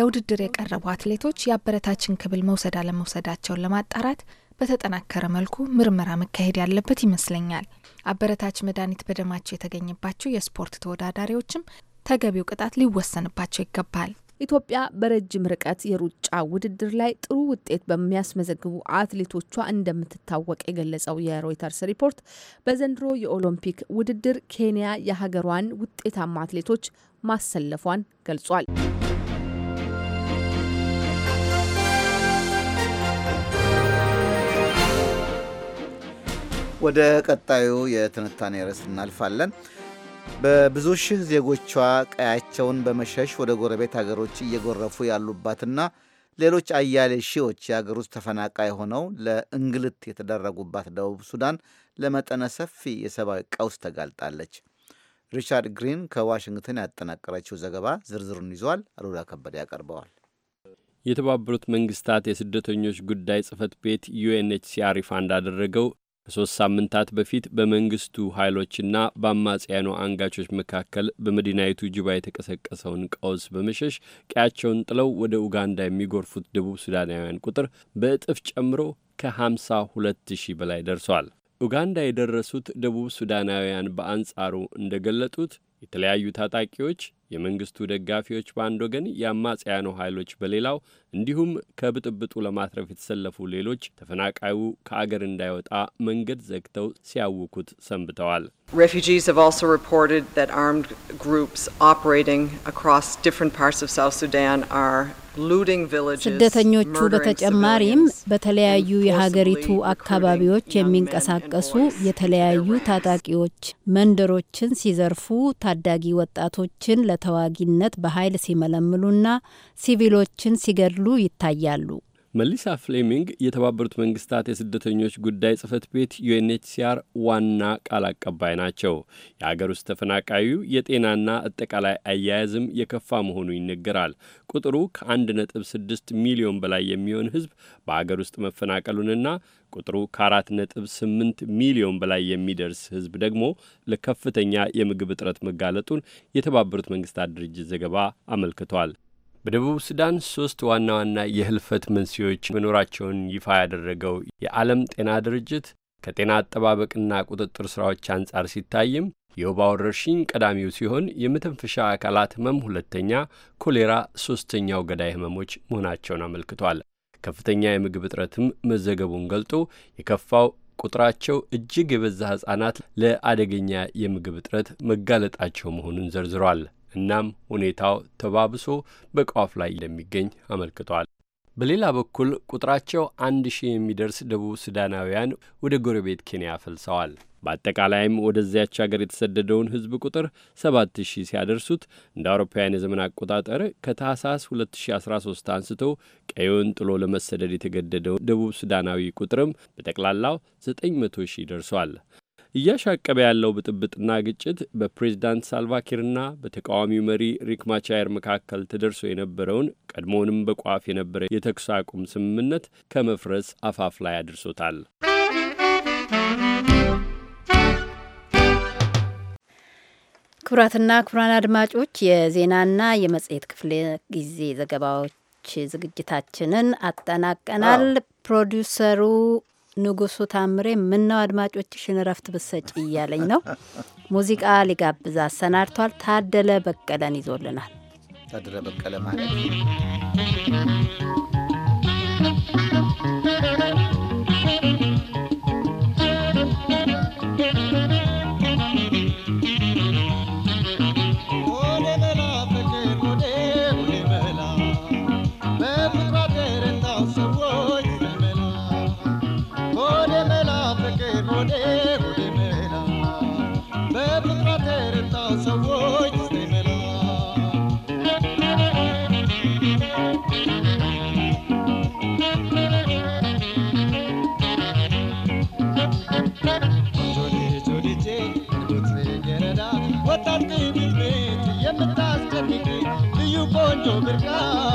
ለውድድር የቀረቡ አትሌቶች የአበረታችን ክብል መውሰድ አለመውሰዳቸውን ለማጣራት በተጠናከረ መልኩ ምርመራ መካሄድ ያለበት ይመስለኛል። አበረታች መድኃኒት በደማቸው የተገኘባቸው የስፖርት ተወዳዳሪዎችም ተገቢው ቅጣት ሊወሰንባቸው ይገባል። ኢትዮጵያ በረጅም ርቀት የሩጫ ውድድር ላይ ጥሩ ውጤት በሚያስመዘግቡ አትሌቶቿ እንደምትታወቅ የገለጸው የሮይተርስ ሪፖርት በዘንድሮ የኦሎምፒክ ውድድር ኬንያ የሀገሯን ውጤታማ አትሌቶች ማሰለፏን ገልጿል። ወደ ቀጣዩ የትንታኔ ርዕስ እናልፋለን። በብዙ ሺህ ዜጎቿ ቀያቸውን በመሸሽ ወደ ጎረቤት አገሮች እየጎረፉ ያሉባትና ሌሎች አያሌ ሺዎች የአገር ውስጥ ተፈናቃይ ሆነው ለእንግልት የተደረጉባት ደቡብ ሱዳን ለመጠነ ሰፊ የሰብአዊ ቀውስ ተጋልጣለች። ሪቻርድ ግሪን ከዋሽንግተን ያጠናቀረችው ዘገባ ዝርዝሩን ይዟል። አሉላ ከበደ ያቀርበዋል። የተባበሩት መንግስታት የስደተኞች ጉዳይ ጽህፈት ቤት ዩኤንኤችሲአር ይፋ እንዳደረገው ከሦስት ሳምንታት በፊት በመንግሥቱ ኃይሎችና በአማጽያኑ አንጋቾች መካከል በመዲናይቱ ጁባ የተቀሰቀሰውን ቀውስ በመሸሽ ቀያቸውን ጥለው ወደ ኡጋንዳ የሚጎርፉት ደቡብ ሱዳናውያን ቁጥር በእጥፍ ጨምሮ ከ52 ሺህ በላይ ደርሷል። ኡጋንዳ የደረሱት ደቡብ ሱዳናውያን በአንጻሩ እንደገለጡት የተለያዩ ታጣቂዎች የመንግስቱ ደጋፊዎች በአንድ ወገን፣ የአማጽያኑ ኃይሎች በሌላው፣ እንዲሁም ከብጥብጡ ለማትረፍ የተሰለፉ ሌሎች ተፈናቃዩ ከአገር እንዳይወጣ መንገድ ዘግተው ሲያውኩት ሰንብተዋል። Refugees have also reported that armed groups operating across different parts of South Sudan are ስደተኞቹ በተጨማሪም በተለያዩ የሀገሪቱ አካባቢዎች የሚንቀሳቀሱ የተለያዩ ታጣቂዎች መንደሮችን ሲዘርፉ፣ ታዳጊ ወጣቶችን ለተዋጊነት በኃይል ሲመለምሉና ሲቪሎችን ሲገድሉ ይታያሉ። መሊሳ ፍሌሚንግ የተባበሩት መንግስታት የስደተኞች ጉዳይ ጽህፈት ቤት ዩኤንኤችሲአር ዋና ቃል አቀባይ ናቸው። የአገር ውስጥ ተፈናቃዩ የጤናና አጠቃላይ አያያዝም የከፋ መሆኑ ይነገራል። ቁጥሩ ከ1.6 ሚሊዮን በላይ የሚሆን ህዝብ በአገር ውስጥ መፈናቀሉንና ቁጥሩ ከ4.8 ሚሊዮን በላይ የሚደርስ ህዝብ ደግሞ ለከፍተኛ የምግብ እጥረት መጋለጡን የተባበሩት መንግስታት ድርጅት ዘገባ አመልክቷል። በደቡብ ሱዳን ሶስት ዋና ዋና የህልፈት መንስኤዎች መኖራቸውን ይፋ ያደረገው የዓለም ጤና ድርጅት ከጤና አጠባበቅና ቁጥጥር ስራዎች አንጻር ሲታይም የወባ ወረርሽኝ ቀዳሚው ሲሆን የመተንፈሻ አካላት ህመም ሁለተኛ፣ ኮሌራ ሦስተኛው ገዳይ ህመሞች መሆናቸውን አመልክቷል። ከፍተኛ የምግብ እጥረትም መዘገቡን ገልጦ የከፋው ቁጥራቸው እጅግ የበዛ ሕፃናት ለአደገኛ የምግብ እጥረት መጋለጣቸው መሆኑን ዘርዝሯል። እናም ሁኔታው ተባብሶ በቋፍ ላይ እንደሚገኝ አመልክቷል። በሌላ በኩል ቁጥራቸው አንድ ሺህ የሚደርስ ደቡብ ሱዳናውያን ወደ ጎረቤት ኬንያ ፈልሰዋል። በአጠቃላይም ወደዚያች ሀገር የተሰደደውን ሕዝብ ቁጥር 7ሺህ ሲያደርሱት እንደ አውሮፓውያን የዘመን አቆጣጠር ከታህሳስ 2013 አንስቶ ቀዩን ጥሎ ለመሰደድ የተገደደው ደቡብ ሱዳናዊ ቁጥርም በጠቅላላው 900 ሺህ ደርሷል። እያሻቀበ ያለው ብጥብጥና ግጭት በፕሬዝዳንት ሳልቫኪርና በተቃዋሚው መሪ ሪክ ማቻየር መካከል ተደርሶ የነበረውን ቀድሞውንም በቋፍ የነበረ የተኩስ አቁም ስምምነት ከመፍረስ አፋፍ ላይ አድርሶታል። ክቡራትና ክቡራን አድማጮች የዜናና የመጽሔት ክፍለ ጊዜ ዘገባዎች ዝግጅታችንን አጠናቀናል። ፕሮዲውሰሩ ንጉሱ ታምሬ ምነው አድማጮችሽን እረፍት ብሰጭ እያለኝ ነው። ሙዚቃ ሊጋብዝ አሰናድቷል። ታደለ በቀለን ይዞልናል። ታደለ በቀለ ማለት চোখের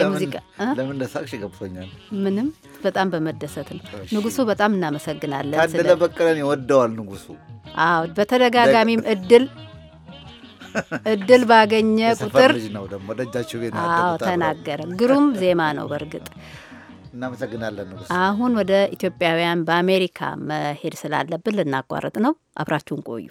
የሙዚቃ ለምን ገብቶኛል። ምንም በጣም በመደሰት ነው። ንጉሱ በጣም እናመሰግናለን። ታደለ በቀለን ይወደዋል ንጉሱ። አዎ በተደጋጋሚም እድል እድል ባገኘ ቁጥር ነው ደግሞ ደጃችሁ ቤት ተናገረ። ግሩም ዜማ ነው በእርግጥ እናመሰግናለን ንጉስ። አሁን ወደ ኢትዮጵያውያን በአሜሪካ መሄድ ስላለብን ልናቋርጥ ነው። አብራችሁን ቆዩ።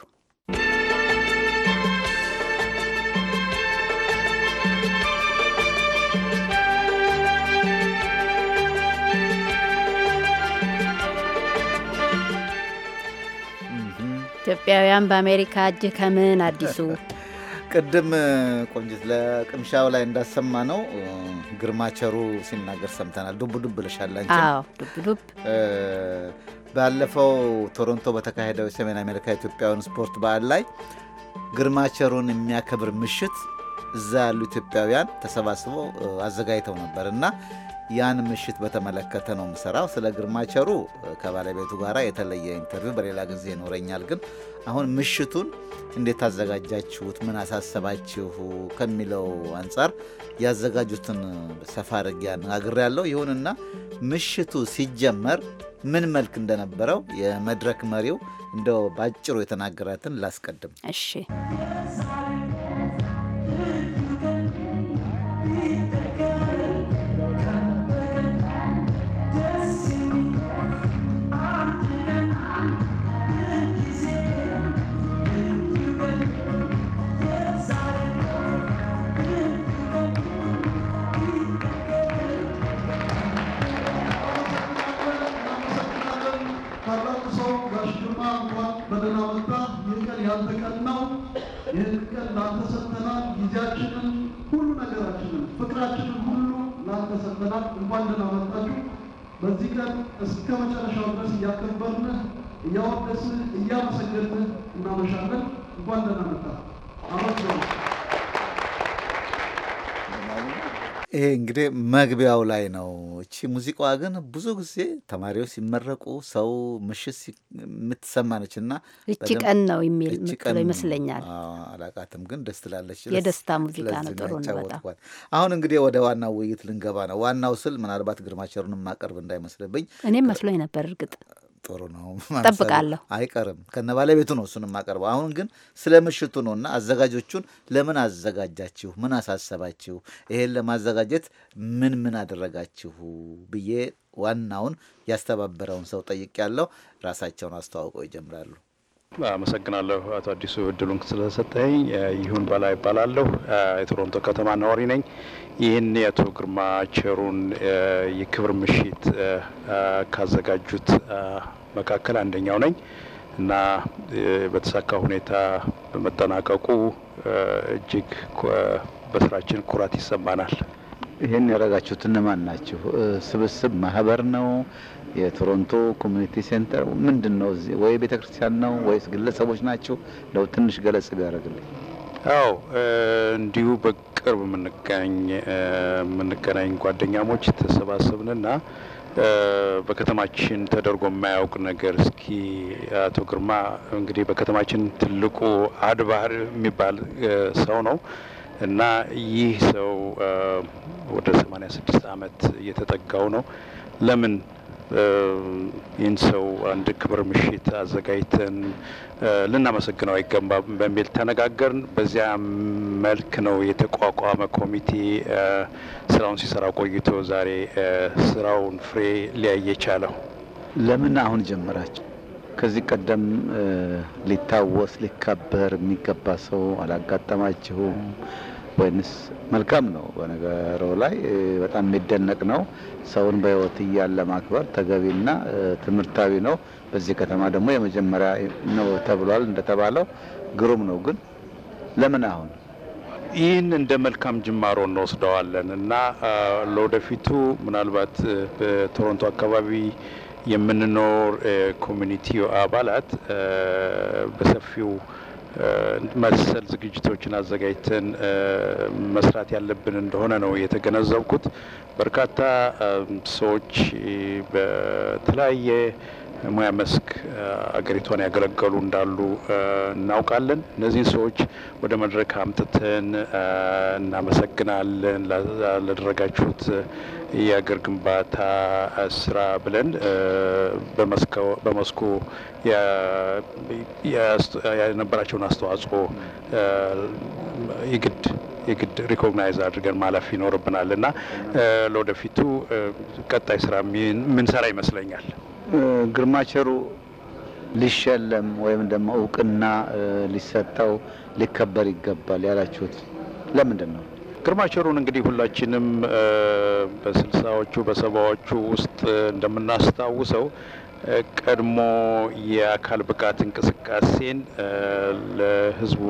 ኢትዮጵያውያን በአሜሪካ እጅ ከምን አዲሱ ቅድም ቆንጅት ለቅምሻው ላይ እንዳሰማ ነው ግርማቸሩ ሲናገር ሰምተናል። ዱብ ዱብ ልሻል አንቺ። ዱብ ዱብ። ባለፈው ቶሮንቶ በተካሄደው የሰሜን አሜሪካ ኢትዮጵያውያን ስፖርት በዓል ላይ ግርማቸሩን የሚያከብር ምሽት እዛ ያሉ ኢትዮጵያውያን ተሰባስበው አዘጋጅተው ነበር እና ያን ምሽት በተመለከተ ነው የምሰራው። ስለ ግርማቸሩ ከባለቤቱ ጋር የተለየ ኢንተርቪው በሌላ ጊዜ ይኖረኛል ግን አሁን ምሽቱን እንዴት ታዘጋጃችሁት? ምን አሳሰባችሁ? ከሚለው አንጻር ያዘጋጁትን ሰፋ አድርጌ አነጋግሬ ያለው። ይሁንና ምሽቱ ሲጀመር ምን መልክ እንደነበረው የመድረክ መሪው እንደው ባጭሩ የተናገራትን ላስቀድም። እሺ በደህና መጣ። ይህ ቀን ያንተ ቀን ነው። ይህን ቀን ላንተ ሰጥተናል። ጊዜያችንን ሁሉ ነገራችንን፣ ፍቅራችንን ሁሉ ላንተ ሰጥተናል። እንኳን ደህና መጣችሁ። በዚህ ቀን እስከ መጨረሻው ድረስ እያከበርንህ፣ እያወደስንህ፣ እያመሰገንህ እናመሻለን። እንኳን ደህና መጣ። አመሰግናለሁ። ይሄ እንግዲህ መግቢያው ላይ ነው። እቺ ሙዚቃዋ ግን ብዙ ጊዜ ተማሪዎች ሲመረቁ ሰው ምሽት የምትሰማ ነች እና እቺ ቀን ነው የሚል ይመስለኛል። አላቃትም ግን ደስ ትላለች። የደስታ ሙዚቃ ነው። ጥሩ ነው አሁን እንግዲህ ወደ ዋናው ውይይት ልንገባ ነው። ዋናው ስል ምናልባት ግርማቸሩን ማቀርብ እንዳይመስልብኝ እኔም መስሎኝ ነበር እርግጥ ጥሩ ነው። ጠብቃለሁ። አይቀርም ከነ ባለቤቱ ነው እሱን የማቀርበው። አሁን ግን ስለ ምሽቱ ነው እና አዘጋጆቹን ለምን አዘጋጃችሁ? ምን አሳሰባችሁ? ይሄን ለማዘጋጀት ምን ምን አደረጋችሁ ብዬ ዋናውን ያስተባበረውን ሰው ጠይቅ ያለው ራሳቸውን አስተዋውቀው ይጀምራሉ። አመሰግናለሁ አቶ አዲሱ እድሉን ስለሰጠኝ። ይሁን በላ ይባላለሁ። የቶሮንቶ ከተማ ነዋሪ ነኝ። ይህን የአቶ ግርማ ቸሩን የክብር ምሽት ካዘጋጁት መካከል አንደኛው ነኝ እና በተሳካ ሁኔታ በመጠናቀቁ እጅግ በስራችን ኩራት ይሰማናል። ይህን ያደረጋችሁት እነማን ናችሁ? ስብስብ ማህበር ነው? የቶሮንቶ ኮሚኒቲ ሴንተር ምንድን ነው? ወይ ቤተ ክርስቲያን ነው ወይስ ግለሰቦች ናቸው? ለው ትንሽ ገለጽ ቢያደርግልኝ። አዎ እንዲሁ በቅርብ የምንገናኝ ጓደኛሞች ተሰባሰብንና በከተማችን ተደርጎ የማያውቅ ነገር እስኪ አቶ ግርማ እንግዲህ በከተማችን ትልቁ አድባር የሚባል ሰው ነው እና ይህ ሰው ወደ 86 አመት እየተጠጋው ነው። ለምን ይህን ሰው አንድ ክብር ምሽት አዘጋጅተን ልናመሰግነው አይገባም በሚል ተነጋገርን። በዚያ መልክ ነው የተቋቋመ ኮሚቴ ስራውን ሲሰራ ቆይቶ ዛሬ ስራውን ፍሬ ሊያየ የቻለው። ለምን አሁን ጀመራችሁ? ከዚህ ቀደም ሊታወስ ሊከበር የሚገባ ሰው አላጋጠማችሁም? ወይንስ መልካም ነው? በነገሮ ላይ በጣም የሚደነቅ ነው። ሰውን በህይወት እያለ ማክበር ተገቢና ትምህርታዊ ነው። በዚህ ከተማ ደግሞ የመጀመሪያ ነው ተብሏል። እንደተባለው ግሩም ነው። ግን ለምን አሁን ይህን እንደ መልካም ጅማሮ እንወስደዋለን እና ለወደፊቱ ምናልባት በቶሮንቶ አካባቢ የምንኖር ኮሚኒቲ አባላት በሰፊው መሰል ዝግጅቶችን አዘጋጅተን መስራት ያለብን እንደሆነ ነው የተገነዘብኩት። በርካታ ሰዎች በተለያየ ሙያ መስክ አገሪቷን ያገለገሉ እንዳሉ እናውቃለን። እነዚህን ሰዎች ወደ መድረክ አምጥተን እናመሰግናለን ላደረጋችሁት የአገር ግንባታ ስራ ብለን በመስኩ የነበራቸውን አስተዋጽኦ ይግድ የግድ ሪኮግናይዝ አድርገን ማለፍ ይኖርብናል እና ለወደፊቱ ቀጣይ ስራ ምንሰራ ይመስለኛል። ግርማቸሩ ሊሸለም ወይም ደግሞ እውቅና ሊሰጠው ሊከበር ይገባል ያላችሁት ለምንድን ነው? ግርማቸሩን እንግዲህ ሁላችንም በስልሳዎቹ በሰባዎቹ ውስጥ እንደምናስታውሰው ቀድሞ የአካል ብቃት እንቅስቃሴን ለህዝቡ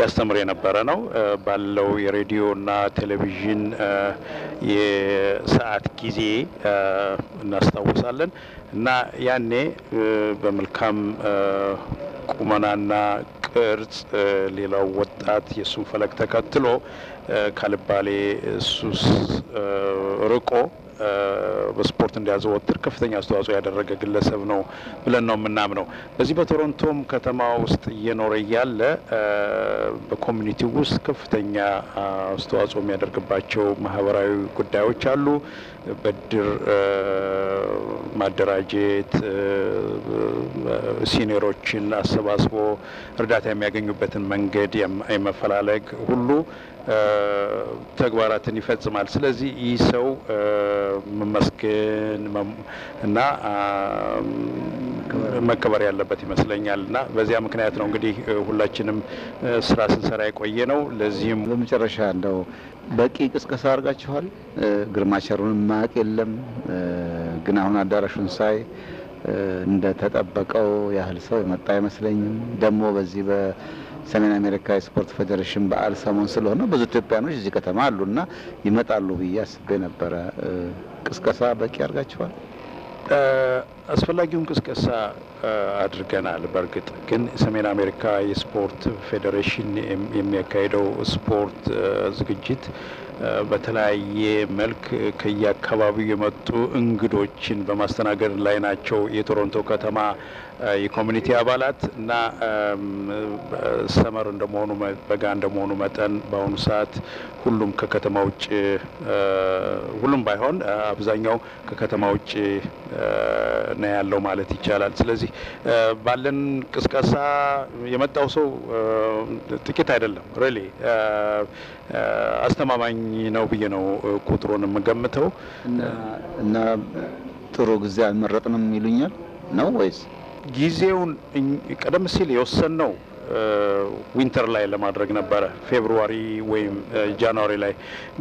ያስተምር የነበረ ነው። ባለው የሬዲዮና ቴሌቪዥን የሰዓት ጊዜ እናስታውሳለን እና ያኔ በመልካም ቁመናና ቅርጽ ሌላው ወጣት የእሱን ፈለግ ተከትሎ ካልባሌ ሱስ ርቆ በስፖርት እንዲያዘወትር ከፍተኛ አስተዋጽኦ ያደረገ ግለሰብ ነው ብለን ነው የምናምነው። በዚህ በቶሮንቶም ከተማ ውስጥ እየኖረ እያለ በኮሚኒቲ ውስጥ ከፍተኛ አስተዋጽኦ የሚያደርግባቸው ማህበራዊ ጉዳዮች አሉ። በድር ማደራጀት፣ ሲኒሮችን አሰባስቦ እርዳታ የሚያገኙበትን መንገድ የመፈላለግ ሁሉ ተግባራትን ይፈጽማል። ስለዚህ ይህ ሰው መመስገን እና መከበር ያለበት ይመስለኛል እና በዚያ ምክንያት ነው እንግዲህ ሁላችንም ስራ ስንሰራ የቆየ ነው። ለዚህም በመጨረሻ እንደው በቂ ቅስቀሳ አድርጋችኋል። ግርማቸሩን ማቅ የለም ግን አሁን አዳራሹን ሳይ እንደተጠበቀው ያህል ሰው የመጣ አይመስለኝም ደግሞ በዚህ ሰሜን አሜሪካ የስፖርት ፌዴሬሽን በዓል ሰሞን ስለሆነ ብዙ ኢትዮጵያኖች እዚህ ከተማ አሉና ይመጣሉ ብዬ አስቤ ነበረ። ቅስቀሳ በቂ አድርጋችኋል? አስፈላጊውን ቅስቀሳ አድርገናል። በእርግጥ ግን ሰሜን አሜሪካ የስፖርት ፌዴሬሽን የሚያካሄደው ስፖርት ዝግጅት በተለያየ መልክ ከየአካባቢው የመጡ እንግዶችን በማስተናገድ ላይ ናቸው። የቶሮንቶ ከተማ የኮሚኒቲ አባላት እና ሰመር እንደመሆኑ በጋ እንደመሆኑ መጠን በአሁኑ ሰዓት ሁሉም ከከተማ ውጭ ሁሉም ባይሆን አብዛኛው ከከተማ ውጭ ነው ያለው ማለት ይቻላል። ስለዚህ ባለን ቅስቀሳ የመጣው ሰው ጥቂት አይደለም። ሬሊ አስተማማኝ ነው ብዬ ነው ቁጥሩን የምገምተው እና ጥሩ ጊዜ አልመረጥንም ይሉኛል ነው ወይስ ጊዜውን ቀደም ሲል ነው ዊንተር ላይ ለማድረግ ነበረ፣ ፌብሩዋሪ ወይም ጃንዋሪ ላይ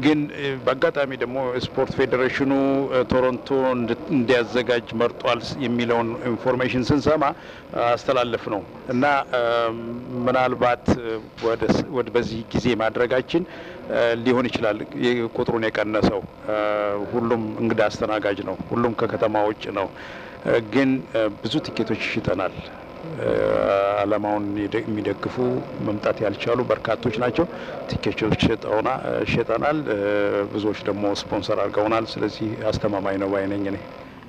ግን በአጋጣሚ ደግሞ ስፖርት ፌዴሬሽኑ ቶሮንቶ እንዲያዘጋጅ መርጧል የሚለውን ኢንፎርሜሽን ስንሰማ አስተላለፍ ነው እና ምናልባት በዚህ ጊዜ ማድረጋችን ሊሆን ይችላል ቁጥሩን የቀነሰው። ሁሉም እንግዳ አስተናጋጅ ነው፣ ሁሉም ከከተማ ውጭ ነው። ግን ብዙ ትኬቶች ሽጠናል። አላማውን የሚደግፉ መምጣት ያልቻሉ በርካቶች ናቸው። ቲኬቶች ሸጠናል። ብዙዎች ደግሞ ስፖንሰር አድርገውናል። ስለዚህ አስተማማኝ ነው ባይነኝ ነኝ እኔ።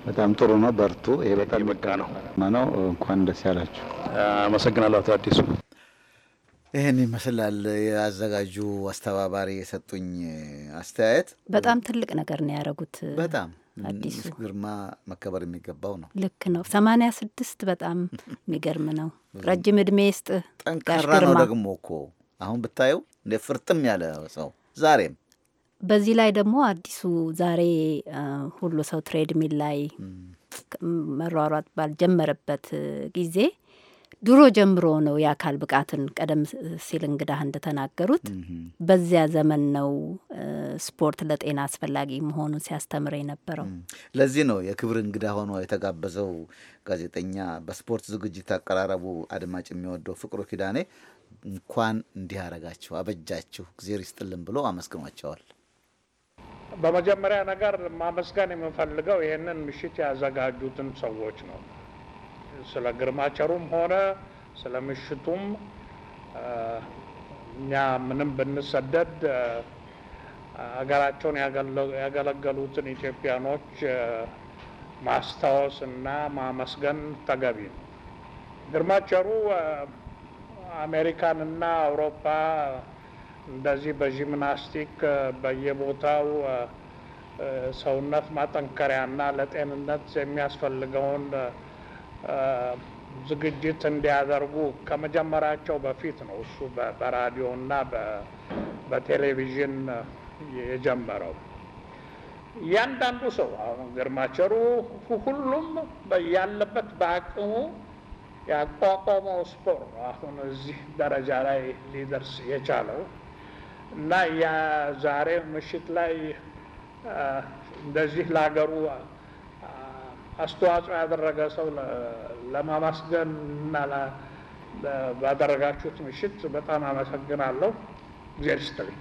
በጣም ጥሩ ነው። በርቱ። ይሄ በጣም መጋ ነው ነው። እንኳን ደስ ያላችሁ። አመሰግናለሁ አቶ አዲሱ። ይህን ይመስላል የአዘጋጁ አስተባባሪ የሰጡኝ አስተያየት። በጣም ትልቅ ነገር ነው ያደረጉት። በጣም አዲሱ ግርማ መከበር የሚገባው ነው። ልክ ነው። ሰማንያ ስድስት በጣም የሚገርም ነው። ረጅም እድሜ ይስጥ። ጠንካራ ነው ደግሞ እኮ አሁን ብታየው እንደ ፍርጥም ያለ ሰው ዛሬም በዚህ ላይ ደግሞ አዲሱ ዛሬ ሁሉ ሰው ትሬድሚል ላይ መሯሯጥ ባልጀመረበት ጊዜ ድሮ ጀምሮ ነው የአካል ብቃትን ቀደም ሲል እንግዳህ እንደተናገሩት በዚያ ዘመን ነው ስፖርት ለጤና አስፈላጊ መሆኑን ሲያስተምር የነበረው። ለዚህ ነው የክብር እንግዳ ሆኖ የተጋበዘው ጋዜጠኛ በስፖርት ዝግጅት አቀራረቡ አድማጭ የሚወደው ፍቅሩ ኪዳኔ እንኳን እንዲህ አረጋችሁ አበጃችሁ እግዜር ይስጥልን ብሎ አመስግኗቸዋል። በመጀመሪያ ነገር ማመስገን የምፈልገው ይህንን ምሽት ያዘጋጁትን ሰዎች ነው። ስለ ግርማቸሩም ሆነ ስለ ምሽቱም እኛ ምንም ብንሰደድ ሀገራቸውን ያገለገሉትን ኢትዮጵያኖች ማስታወስ እና ማመስገን ተገቢ ነው። ግርማቸሩ እና አውሮፓ እንደዚህ በጂምናስቲክ በየቦታው ሰውነት ማጠንከሪያ ና ለጤንነት የሚያስፈልገውን ዝግጅት እንዲያደርጉ ከመጀመራቸው በፊት ነው እሱ በራዲዮ እና በቴሌቪዥን የጀመረው። እያንዳንዱ ሰው አሁን ግርማቸሩ ሁሉም ያለበት በአቅሙ ያቋቋመው ስፖር አሁን እዚህ ደረጃ ላይ ሊደርስ የቻለው እና ያ ዛሬ ምሽት ላይ እንደዚህ ለሀገሩ አስተዋጽኦ ያደረገ ሰው ለማመስገን እና ባደረጋችሁት ምሽት በጣም አመሰግናለሁ። እግዚአብሔር ይስጥልኝ።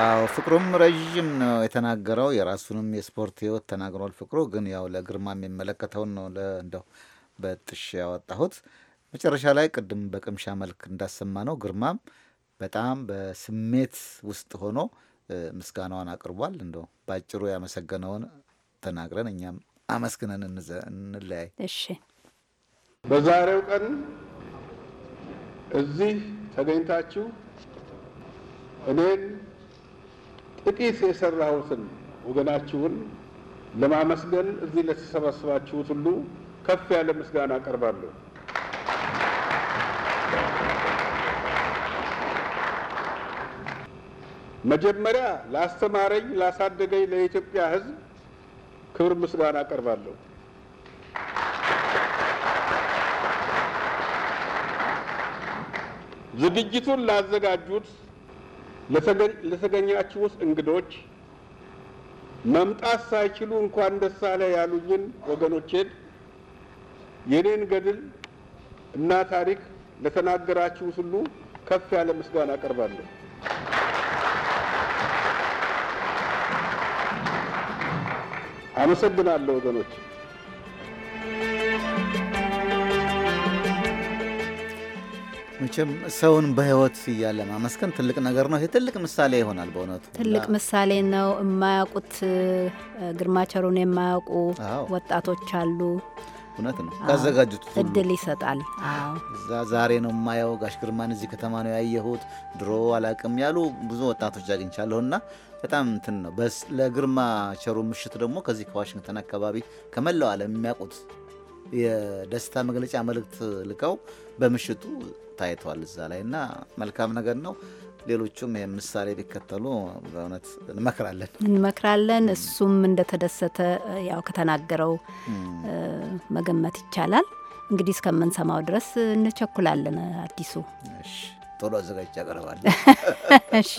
አዎ ፍቅሩም ረዥም ነው የተናገረው። የራሱንም የስፖርት ህይወት ተናግሯል። ፍቅሩ ግን ያው ለግርማ የሚመለከተውን ነው እንደው በጥሽ ያወጣሁት። መጨረሻ ላይ ቅድም በቅምሻ መልክ እንዳሰማ ነው ግርማም በጣም በስሜት ውስጥ ሆኖ ምስጋናዋን አቅርቧል። እንደ በአጭሩ ያመሰገነውን ተናግረን እኛም አመስግነን እንለያይ። እሺ። በዛሬው ቀን እዚህ ተገኝታችሁ እኔን ጥቂት የሰራሁትን ወገናችሁን ለማመስገን እዚህ ለተሰባሰባችሁት ሁሉ ከፍ ያለ ምስጋና አቀርባለሁ። መጀመሪያ ላስተማረኝ ላሳደገኝ ለኢትዮጵያ ሕዝብ ክብር ምስጋና አቀርባለሁ። ዝግጅቱን ላዘጋጁት ለተገኛችሁት እንግዶች መምጣት ሳይችሉ እንኳን ደስ አለ ያሉኝን ወገኖቼን የኔን ገድል እና ታሪክ ለተናገራችሁት ሁሉ ከፍ ያለ ምስጋና አቀርባለሁ። አመሰግናለሁ ወገኖች። መቼም ሰውን በህይወት እያለ ማመስገን ትልቅ ነገር ነው። ይህ ትልቅ ምሳሌ ይሆናል። በእውነቱ ትልቅ ምሳሌ ነው። የማያውቁት ግርማቸሩን የማያውቁ ወጣቶች አሉ። እውነት ነው። ካዘጋጁት እድል ይሰጣል። እዛ ዛሬ ነው የማየው ጋሽ ግርማን እዚህ ከተማ ነው ያየሁት ድሮ አላቅም ያሉ ብዙ ወጣቶች አግኝቻለሁና በጣም እንትን ነው። ለግርማ ቸሩ ምሽት ደግሞ ከዚህ ከዋሽንግተን አካባቢ ከመላው ዓለም የሚያውቁት የደስታ መግለጫ መልእክት ልከው በምሽቱ ታይተዋል እዛ ላይ እና መልካም ነገር ነው። ሌሎቹም ይህ ምሳሌ ቢከተሉ በእውነት እንመክራለን እንመክራለን። እሱም እንደተደሰተ ያው ከተናገረው መገመት ይቻላል። እንግዲህ እስከምንሰማው ድረስ እንቸኩላለን። አዲሱ ቶሎ አዘጋጅ ያቀርባል። እሺ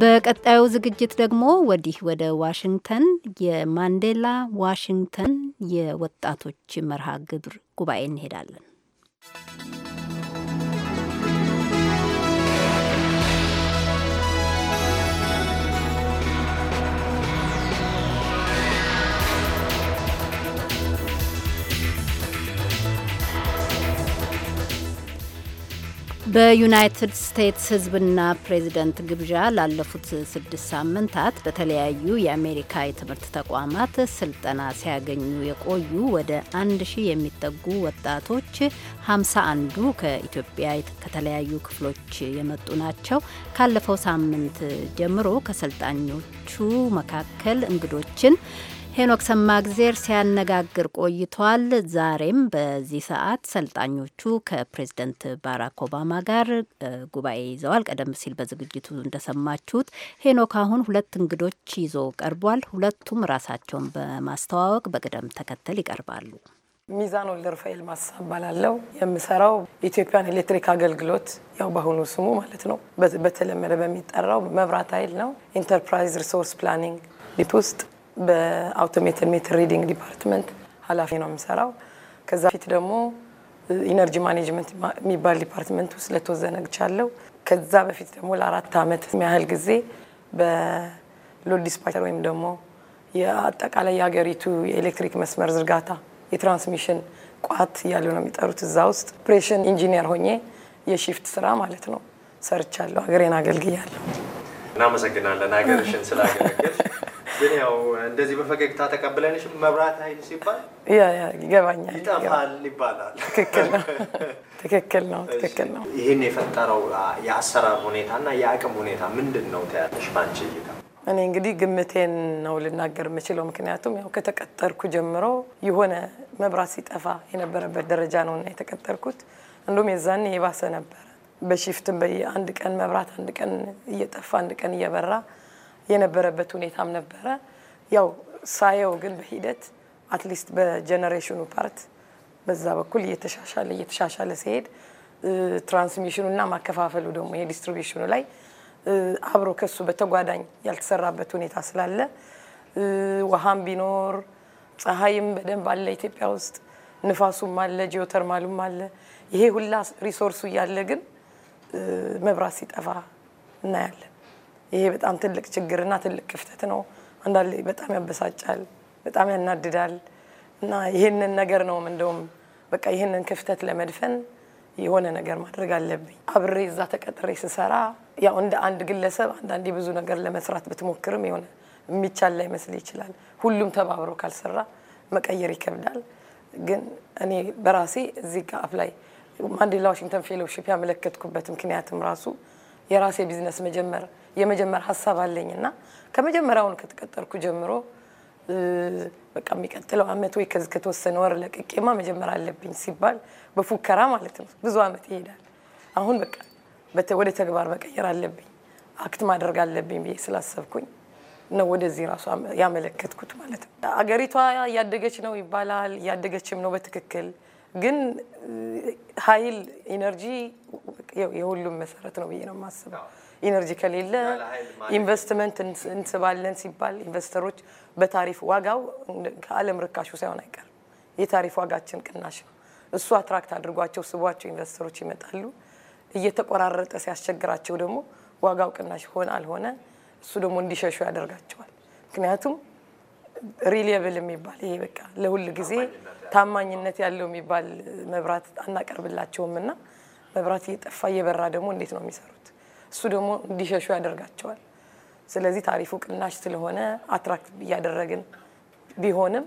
በቀጣዩ ዝግጅት ደግሞ ወዲህ ወደ ዋሽንግተን የማንዴላ ዋሽንግተን የወጣቶች መርሃ ግብር ጉባኤ እንሄዳለን። በዩናይትድ ስቴትስ ህዝብና ፕሬዚደንት ግብዣ ላለፉት ስድስት ሳምንታት በተለያዩ የአሜሪካ የትምህርት ተቋማት ስልጠና ሲያገኙ የቆዩ ወደ አንድ ሺህ የሚጠጉ ወጣቶች ሀምሳ አንዱ ከኢትዮጵያ ከተለያዩ ክፍሎች የመጡ ናቸው። ካለፈው ሳምንት ጀምሮ ከሰልጣኞቹ መካከል እንግዶችን ሄኖክ ሰማ ሰማእግዜር ሲያነጋግር ቆይቷል። ዛሬም በዚህ ሰዓት ሰልጣኞቹ ከፕሬዝደንት ባራክ ኦባማ ጋር ጉባኤ ይዘዋል። ቀደም ሲል በዝግጅቱ እንደሰማችሁት ሄኖክ አሁን ሁለት እንግዶች ይዞ ቀርቧል። ሁለቱም ራሳቸውን በማስተዋወቅ በቅደም ተከተል ይቀርባሉ። ሚዛን ወልደ ሩፋኤል ማሳ እባላለሁ። የምሰራው ኢትዮጵያን ኤሌክትሪክ አገልግሎት ያው በአሁኑ ስሙ ማለት ነው፣ በተለመደ በሚጠራው መብራት ኃይል ነው ኢንተርፕራይዝ ሪሶርስ ፕላኒንግ ውስጥ በአውቶሜትድ ሜትር ሪዲንግ ዲፓርትመንት ኃላፊ ነው የምሰራው። ከዛ ፊት ደግሞ ኢነርጂ ማኔጅመንት የሚባል ዲፓርትመንት ውስጥ ለተወዘነ ግቻለሁ። ከዛ በፊት ደግሞ ለአራት ዓመት የሚያህል ጊዜ በሎድ ዲስፓቸር ወይም ደግሞ የአጠቃላይ የሀገሪቱ የኤሌክትሪክ መስመር ዝርጋታ የትራንስሚሽን ቋት እያሉ ነው የሚጠሩት። እዛ ውስጥ ኦፕሬሽን ኢንጂኒየር ሆኜ የሺፍት ስራ ማለት ነው ሰርቻለሁ። ሀገሬን አገልግያለሁ። እናመሰግናለን ሀገርሽን ስላገለገልሽ። ግን ያው እንደዚህ በፈገግታ ተቀብለንሽ መብራት ኃይል ሲባል ያ ያ ይገባኛል፣ ይጠፋል ይባላል። ትክክል ነው፣ ትክክል ነው፣ ትክክል ነው። ይህን የፈጠረው የአሰራር ሁኔታ እና የአቅም ሁኔታ ምንድን ነው ትያለሽ በአንቺ እይታ? እኔ እንግዲህ ግምቴን ነው ልናገር የምችለው። ምክንያቱም ያው ከተቀጠርኩ ጀምሮ የሆነ መብራት ሲጠፋ የነበረበት ደረጃ ነው እና የተቀጠርኩት እንዲሁም የዛኔ የባሰ ነበረ። በሽፍትም በየአንድ ቀን መብራት አንድ ቀን እየጠፋ አንድ ቀን እየበራ የነበረበት ሁኔታም ነበረ። ያው ሳየው ግን በሂደት አትሊስት በጀነሬሽኑ ፓርት በዛ በኩል እየተሻሻለ እየተሻሻለ ሲሄድ ትራንስሚሽኑ እና ማከፋፈሉ ደግሞ ይሄ ዲስትሪቢሽኑ ላይ አብሮ ከሱ በተጓዳኝ ያልተሰራበት ሁኔታ ስላለ ውሃም ቢኖር ፀሐይም በደንብ አለ ኢትዮጵያ ውስጥ፣ ንፋሱም አለ፣ ጂኦተርማሉም አለ። ይሄ ሁላ ሪሶርሱ እያለ ግን መብራት ሲጠፋ እናያለን። ይሄ በጣም ትልቅ ችግርና ትልቅ ክፍተት ነው። አንዳንዴ በጣም ያበሳጫል፣ በጣም ያናድዳል። እና ይህንን ነገር ነው እንደውም በቃ ይህንን ክፍተት ለመድፈን የሆነ ነገር ማድረግ አለብኝ። አብሬ እዛ ተቀጥሬ ስሰራ ያው እንደ አንድ ግለሰብ አንዳንዴ ብዙ ነገር ለመስራት ብትሞክርም የሆነ የሚቻል ላይመስል ይችላል። ሁሉም ተባብሮ ካልሰራ መቀየር ይከብዳል። ግን እኔ በራሴ እዚህ ጋር አፕላይ ማንዴላ ዋሽንግተን ፌሎውሺፕ ያመለከትኩበት ምክንያትም ራሱ የራሴ ቢዝነስ መጀመር የመጀመር ሀሳብ አለኝ እና ከመጀመሪያውን ከተቀጠርኩ ጀምሮ በቃ የሚቀጥለው አመት ወይ ከዚህ ከተወሰነ ወር ለቅቄማ መጀመር አለብኝ ሲባል በፉከራ ማለት ነው ብዙ አመት ይሄዳል። አሁን በቃ ወደ ተግባር መቀየር አለብኝ አክት ማድረግ አለብኝ ብዬ ስላሰብኩኝ ነው ወደዚህ ራሱ ያመለከትኩት ማለት ነው። አገሪቷ እያደገች ነው ይባላል፣ እያደገችም ነው በትክክል ግን ኃይል ኢነርጂ የሁሉም መሰረት ነው ብዬ ነው የማስበው። ኢነርጂ ከሌለ ኢንቨስትመንት እንስባለን ሲባል ኢንቨስተሮች በታሪፍ ዋጋው ከዓለም ርካሹ ሳይሆን አይቀርም። የታሪፍ ዋጋችን ቅናሽ ነው። እሱ አትራክት አድርጓቸው ስቧቸው ኢንቨስተሮች ይመጣሉ። እየተቆራረጠ ሲያስቸግራቸው ደግሞ ዋጋው ቅናሽ ሆነ አልሆነ እሱ ደግሞ እንዲሸሹ ያደርጋቸዋል። ምክንያቱም ሪሊየብል የሚባል ይሄ በቃ ለሁል ጊዜ ታማኝነት ያለው የሚባል መብራት አናቀርብላቸውም እና መብራት እየጠፋ እየበራ ደግሞ እንዴት ነው የሚሰሩት? እሱ ደግሞ እንዲሸሹ ያደርጋቸዋል። ስለዚህ ታሪፉ ቅናሽ ስለሆነ አትራክት እያደረግን ቢሆንም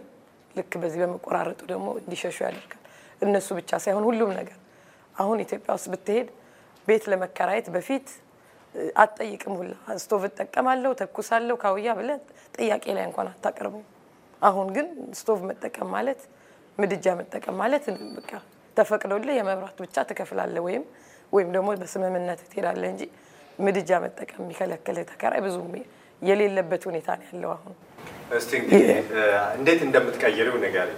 ልክ በዚህ በመቆራረጡ ደግሞ እንዲሸሹ ያደርጋል። እነሱ ብቻ ሳይሆን ሁሉም ነገር አሁን ኢትዮጵያ ውስጥ ብትሄድ ቤት ለመከራየት በፊት አትጠይቅም ሁላ ስቶቭ እጠቀማለሁ ተኩሳለሁ ካውያ ብለ ጥያቄ ላይ እንኳን አታቀርቡም። አሁን ግን ስቶቭ መጠቀም ማለት ምድጃ መጠቀም ማለት በቃ ተፈቅዶልህ የመብራት ብቻ ትከፍላለህ ወይም ወይም ደግሞ በስምምነት ትሄዳለህ እንጂ ምድጃ መጠቀም የሚከለክልህ ተከራይ ብዙ የሌለበት ሁኔታ ነው ያለው። አሁን እስቲ እንግዲህ እንዴት እንደምትቀይሪው ነገር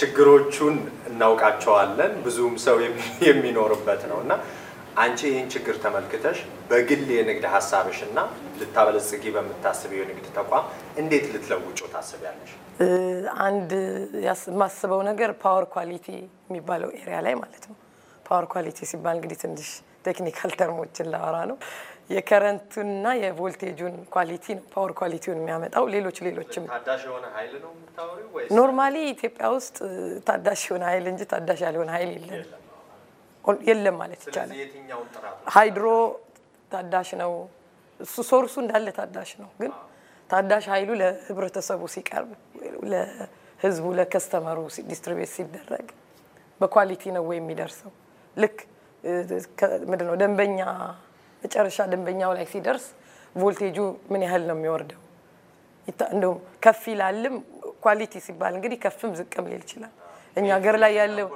ችግሮቹን እናውቃቸዋለን ብዙም ሰው የሚኖርበት ነው እና አንቺ ይህን ችግር ተመልክተሽ በግል የንግድ ሀሳብሽ እና ልታበለጽጊ በምታስበው የንግድ ተቋም እንዴት ልትለውጮ ታስቢያለሽ? አንድ የማስበው ነገር ፓወር ኳሊቲ የሚባለው ኤሪያ ላይ ማለት ነው። ፓወር ኳሊቲ ሲባል እንግዲህ ትንሽ ቴክኒካል ተርሞችን ላወራ ነው። የከረንቱንና የቮልቴጁን ኳሊቲ ነው ፓወር ኳሊቲውን የሚያመጣው። ሌሎች ሌሎችም ኖርማሊ ኢትዮጵያ ውስጥ ታዳሽ የሆነ ኃይል እንጂ ታዳሽ ያልሆነ ኃይል የለም። የለም ማለት ይቻላል። ሃይድሮ ታዳሽ ነው፣ እሱ ሶርሱ እንዳለ ታዳሽ ነው። ግን ታዳሽ ኃይሉ ለህብረተሰቡ ሲቀርብ፣ ለህዝቡ ለከስተመሩ ዲስትሪቢዩት ሲደረግ በኳሊቲ ነው ወይ የሚደርሰው? ልክ ምንድነው ደንበኛ መጨረሻ ደንበኛው ላይ ሲደርስ ቮልቴጁ ምን ያህል ነው የሚወርደው? እንደውም ከፍ ይላልም። ኳሊቲ ሲባል እንግዲህ ከፍም ዝቅም ሊል ይችላል። እኛ ሀገር ላይ ያለው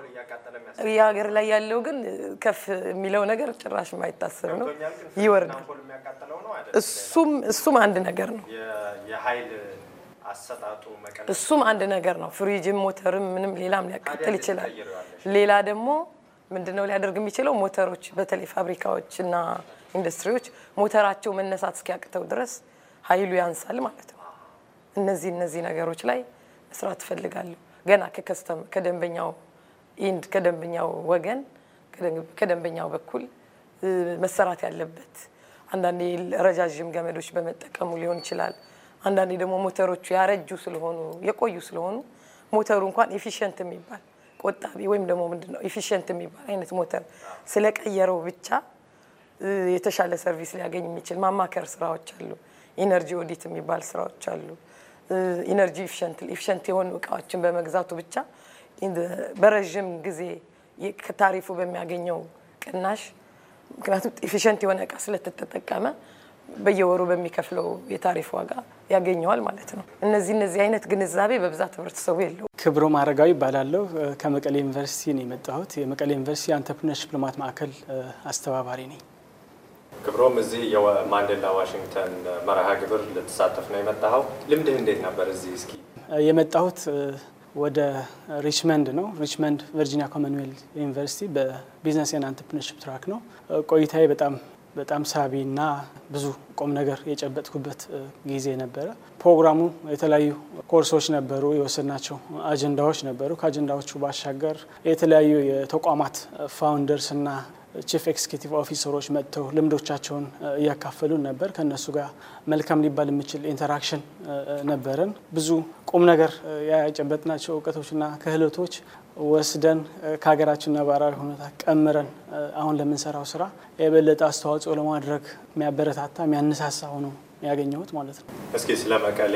እኛ ሀገር ላይ ያለው ግን ከፍ የሚለው ነገር ጭራሽ የማይታሰብ ነው፣ ይወርዳል። እሱም እሱም አንድ ነገር ነው። እሱም አንድ ነገር ነው። ፍሪጅም ሞተርም ምንም ሌላም ሊያቃጥል ይችላል። ሌላ ደግሞ ምንድነው ሊያደርግ የሚችለው ሞተሮች፣ በተለይ ፋብሪካዎች እና ኢንዱስትሪዎች ሞተራቸው መነሳት እስኪያቅተው ድረስ ኃይሉ ያንሳል ማለት ነው። እነዚህ እነዚህ ነገሮች ላይ መስራት እፈልጋለሁ። ገና ከደንበኛው ኢንድ ከደንበኛው ወገን ከደንበኛው በኩል መሰራት ያለበት አንዳንዴ ረጃዥም ገመዶች በመጠቀሙ ሊሆን ይችላል። አንዳንዴ ደግሞ ሞተሮቹ ያረጁ ስለሆኑ የቆዩ ስለሆኑ ሞተሩ እንኳን ኤፊሽንት የሚባል ቆጣቢ ወይም ደግሞ ምንድነው ኤፊሽንት የሚባል አይነት ሞተር ስለቀየረው ብቻ የተሻለ ሰርቪስ ሊያገኝ የሚችል ማማከር ስራዎች አሉ። ኢነርጂ ኦዲት የሚባል ስራዎች አሉ። ኢነርጂ ኢፊሸንት ኢፊሸንት የሆኑ እቃዎችን በመግዛቱ ብቻ በረዥም ጊዜ ከታሪፉ በሚያገኘው ቅናሽ ምክንያቱም ኢፊሸንት የሆነ እቃ ስለተጠቀመ በየወሩ በሚከፍለው የታሪፍ ዋጋ ያገኘዋል ማለት ነው። እነዚህ እነዚህ አይነት ግንዛቤ በብዛት ህብረተሰቡ የለው። ክብሮም አረጋዊ ይባላለሁ። ከመቀሌ ዩኒቨርሲቲ ነው የመጣሁት። የመቀሌ ዩኒቨርሲቲ አንተርፕርነርሽፕ ልማት ማዕከል አስተባባሪ ነኝ። ክብሮም እዚህ የማንዴላ ዋሽንግተን መርሃ ግብር ልትሳተፍ ነው የመጣኸው። ልምድህ እንዴት ነበር? እዚህ እስኪ የመጣሁት ወደ ሪችመንድ ነው። ሪችመንድ ቨርጂኒያ ኮመንዌል ዩኒቨርሲቲ በቢዝነስ ኤንድ አንትርፕርነርሺፕ ትራክ ነው። ቆይታዬ በጣም በጣም ሳቢ እና ብዙ ቁም ነገር የጨበጥኩበት ጊዜ ነበረ። ፕሮግራሙ የተለያዩ ኮርሶች ነበሩ፣ የወሰድናቸው አጀንዳዎች ነበሩ። ከአጀንዳዎቹ ባሻገር የተለያዩ የተቋማት ፋውንደርስ እና ቺፍ ኤክስኪቲቭ ኦፊሰሮች መጥተው ልምዶቻቸውን እያካፈሉን ነበር። ከእነሱ ጋር መልካም ሊባል የሚችል ኢንተራክሽን ነበረን። ብዙ ቁም ነገር ያጨበጥናቸው እውቀቶችና ክህሎቶች ወስደን ከሀገራችን ነባራዊ ሁኔታ ቀምረን አሁን ለምንሰራው ስራ የበለጠ አስተዋጽኦ ለማድረግ የሚያበረታታ የሚያነሳሳ ሆኖ ያገኘሁት ማለት ነው። እስኪ ስለ መቀሌ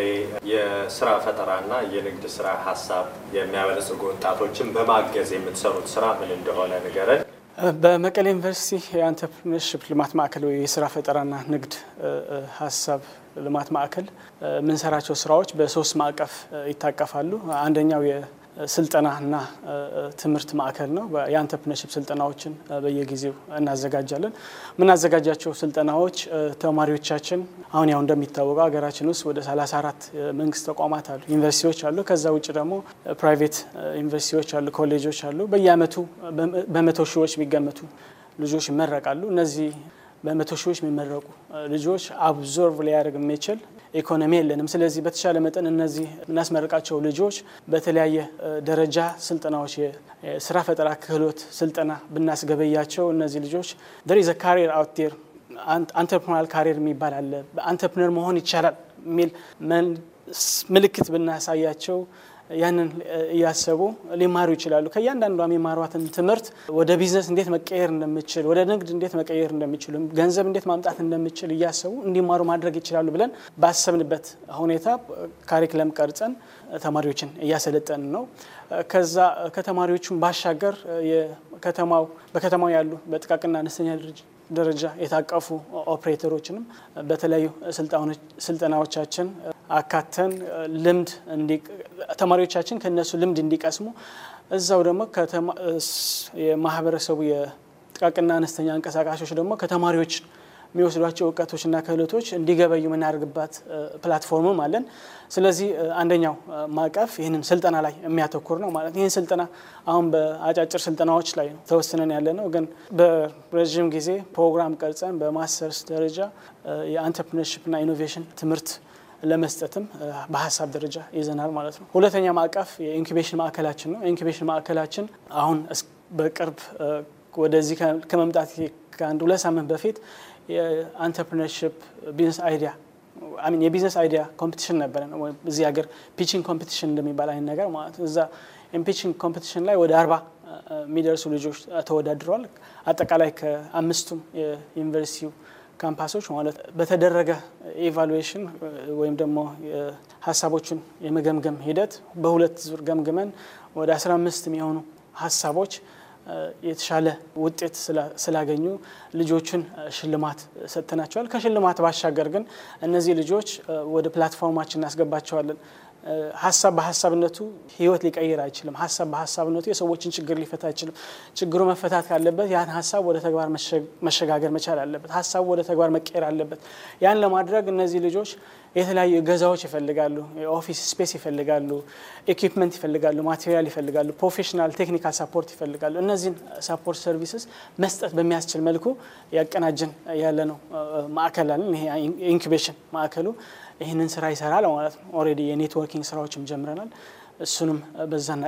የስራ ፈጠራና የንግድ ስራ ሀሳብ የሚያበለጽጉ ወጣቶችን በማገዝ የምትሰሩት ስራ ምን እንደሆነ ንገረን። በመቀሌ ዩኒቨርሲቲ የአንተርፕርነርሽፕ ልማት ማዕከል ወይ የስራ ፈጠራና ንግድ ሀሳብ ልማት ማዕከል የምንሰራቸው ስራዎች በሶስት ማዕቀፍ ይታቀፋሉ። አንደኛው ስልጠናና ትምህርት ማዕከል ነው። የአንተፕነሽፕ ስልጠናዎችን በየጊዜው እናዘጋጃለን። የምናዘጋጃቸው ስልጠናዎች ተማሪዎቻችን አሁን ያው እንደሚታወቀው ሀገራችን ውስጥ ወደ 34 መንግስት ተቋማት አሉ፣ ዩኒቨርሲቲዎች አሉ። ከዛ ውጭ ደግሞ ፕራይቬት ዩኒቨርሲቲዎች አሉ፣ ኮሌጆች አሉ። በየአመቱ በመቶ ሺዎች የሚገመቱ ልጆች ይመረቃሉ። እነዚህ በመቶ ሺዎች የሚመረቁ ልጆች አብዞርቭ ሊያደርግ የሚችል ኢኮኖሚ የለንም። ስለዚህ በተሻለ መጠን እነዚህ የምናስመርቃቸው ልጆች በተለያየ ደረጃ ስልጠናዎች፣ የስራ ፈጠራ ክህሎት ስልጠና ብናስገበያቸው እነዚህ ልጆች ደር ዘ ካሪር አውትር አንተርፕርናል ካሪር የሚባል አለ። መሆን ይቻላል የሚል ምልክት ብናሳያቸው ያንን እያሰቡ ሊማሩ ይችላሉ። ከእያንዳንዷም የማሯትን ትምህርት ወደ ቢዝነስ እንዴት መቀየር እንደምችል፣ ወደ ንግድ እንዴት መቀየር እንደምችሉ፣ ገንዘብ እንዴት ማምጣት እንደምችል እያሰቡ እንዲማሩ ማድረግ ይችላሉ ብለን ባሰብንበት ሁኔታ ካሪክለም ቀርጸን ተማሪዎችን እያሰለጠን ነው። ከዛ ከተማሪዎቹም ባሻገር በከተማው ያሉ በጥቃቅና አነስተኛ ድርጅት ደረጃ የታቀፉ ኦፕሬተሮችንም በተለያዩ ስልጠናዎቻችን አካተን ልምድ ተማሪዎቻችን ከነሱ ልምድ እንዲቀስሙ እዛው ደግሞ የማህበረሰቡ የጥቃቅና አነስተኛ እንቀሳቃሾች ደግሞ ከተማሪዎች የሚወስዷቸው እውቀቶችና ክህሎቶች እንዲገበዩ የምናደርግባት ፕላትፎርምም አለን። ስለዚህ አንደኛው ማዕቀፍ ይህንን ስልጠና ላይ የሚያተኩር ነው ማለት ይህን ስልጠና አሁን በአጫጭር ስልጠናዎች ላይ ነው ተወስነን ያለ ነው። ግን በረዥም ጊዜ ፕሮግራም ቀርጸን በማስተርስ ደረጃ የአንትርፕርነርሺፕና ኢኖቬሽን ትምህርት ለመስጠትም በሀሳብ ደረጃ ይዘናል ማለት ነው። ሁለተኛ ማዕቀፍ የኢንኩቤሽን ማዕከላችን ነው። የኢንኩቤሽን ማዕከላችን አሁን በቅርብ ወደዚህ ከመምጣት ከአንድ ሁለት ሳምንት በፊት የአንተርፕርነርሽፕ ቢዝነስ አይዲያ አሚን የቢዝነስ አይዲያ ኮምፒቲሽን ነበረ እዚህ ሀገር ፒቺንግ ኮምፒቲሽን እንደሚባል አይነት ነገር ማለት እዛ ኢምፒቺንግ ኮምፒቲሽን ላይ ወደ አርባ የሚደርሱ ልጆች ተወዳድረዋል። አጠቃላይ ከአምስቱም የዩኒቨርሲቲው ካምፓሶች ማለት በተደረገ ኤቫሉዌሽን ወይም ደግሞ ሀሳቦችን የመገምገም ሂደት በሁለት ዙር ገምግመን ወደ አምስት የሚሆኑ ሀሳቦች የተሻለ ውጤት ስላገኙ ልጆቹን ሽልማት ሰጥተናቸዋል። ከሽልማት ባሻገር ግን እነዚህ ልጆች ወደ ፕላትፎርማችን እናስገባቸዋለን። ሀሳብ በሀሳብነቱ ህይወት ሊቀይር አይችልም። ሀሳብ በሀሳብነቱ የሰዎችን ችግር ሊፈታ አይችልም። ችግሩ መፈታት ካለበት ያን ሀሳብ ወደ ተግባር መሸጋገር መቻል አለበት። ሀሳቡ ወደ ተግባር መቀየር አለበት። ያን ለማድረግ እነዚህ ልጆች የተለያዩ እገዛዎች ይፈልጋሉ። የኦፊስ ስፔስ ይፈልጋሉ፣ ኢኩፕመንት ይፈልጋሉ፣ ማቴሪያል ይፈልጋሉ፣ ፕሮፌሽናል ቴክኒካል ሰፖርት ይፈልጋሉ። እነዚህን ሰፖርት ሰርቪስስ መስጠት በሚያስችል መልኩ ያቀናጅን ያለ ነው ማዕከል አለን። ይሄ ኢንኩቤሽን ማዕከሉ ይህንን ስራ ይሰራል ማለት ነው። ኦልሬዲ የኔትወርኪንግ ስራዎችም ጀምረናል። እሱንም በዛን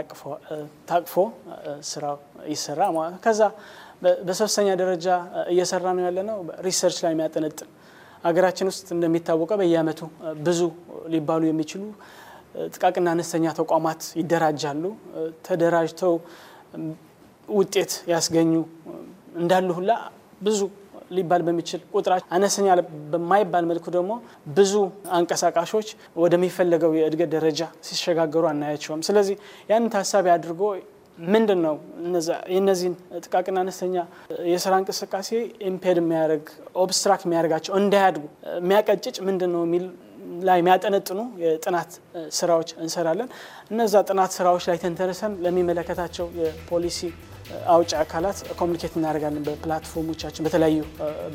ታቅፎ ስራው ይሰራ ማለት ነው። ከዛ በሶስተኛ ደረጃ እየሰራ ነው ያለ ነው ሪሰርች ላይ የሚያጠነጥን ሀገራችን ውስጥ እንደሚታወቀው በየአመቱ ብዙ ሊባሉ የሚችሉ ጥቃቅና አነስተኛ ተቋማት ይደራጃሉ። ተደራጅተው ውጤት ያስገኙ እንዳሉ ሁላ ብዙ ሊባል በሚችል ቁጥራ አነስተኛ በማይባል መልኩ ደግሞ ብዙ አንቀሳቃሾች ወደሚፈለገው የእድገት ደረጃ ሲሸጋገሩ አናያቸውም። ስለዚህ ያንን ታሳቢ አድርጎ ምንድን ነው የእነዚህን ጥቃቅና አነስተኛ የስራ እንቅስቃሴ ኢምፔድ የሚያደርግ ኦብስትራክት የሚያደርጋቸው እንዳያድጉ የሚያቀጭጭ ምንድን ነው የሚል ላይ የሚያጠነጥኑ የጥናት ስራዎች እንሰራለን። እነዛ ጥናት ስራዎች ላይ ተንተርሰን ለሚመለከታቸው የፖሊሲ አውጭ አካላት ኮሚኒኬት እናደርጋለን በፕላትፎርሞቻችን በተለያዩ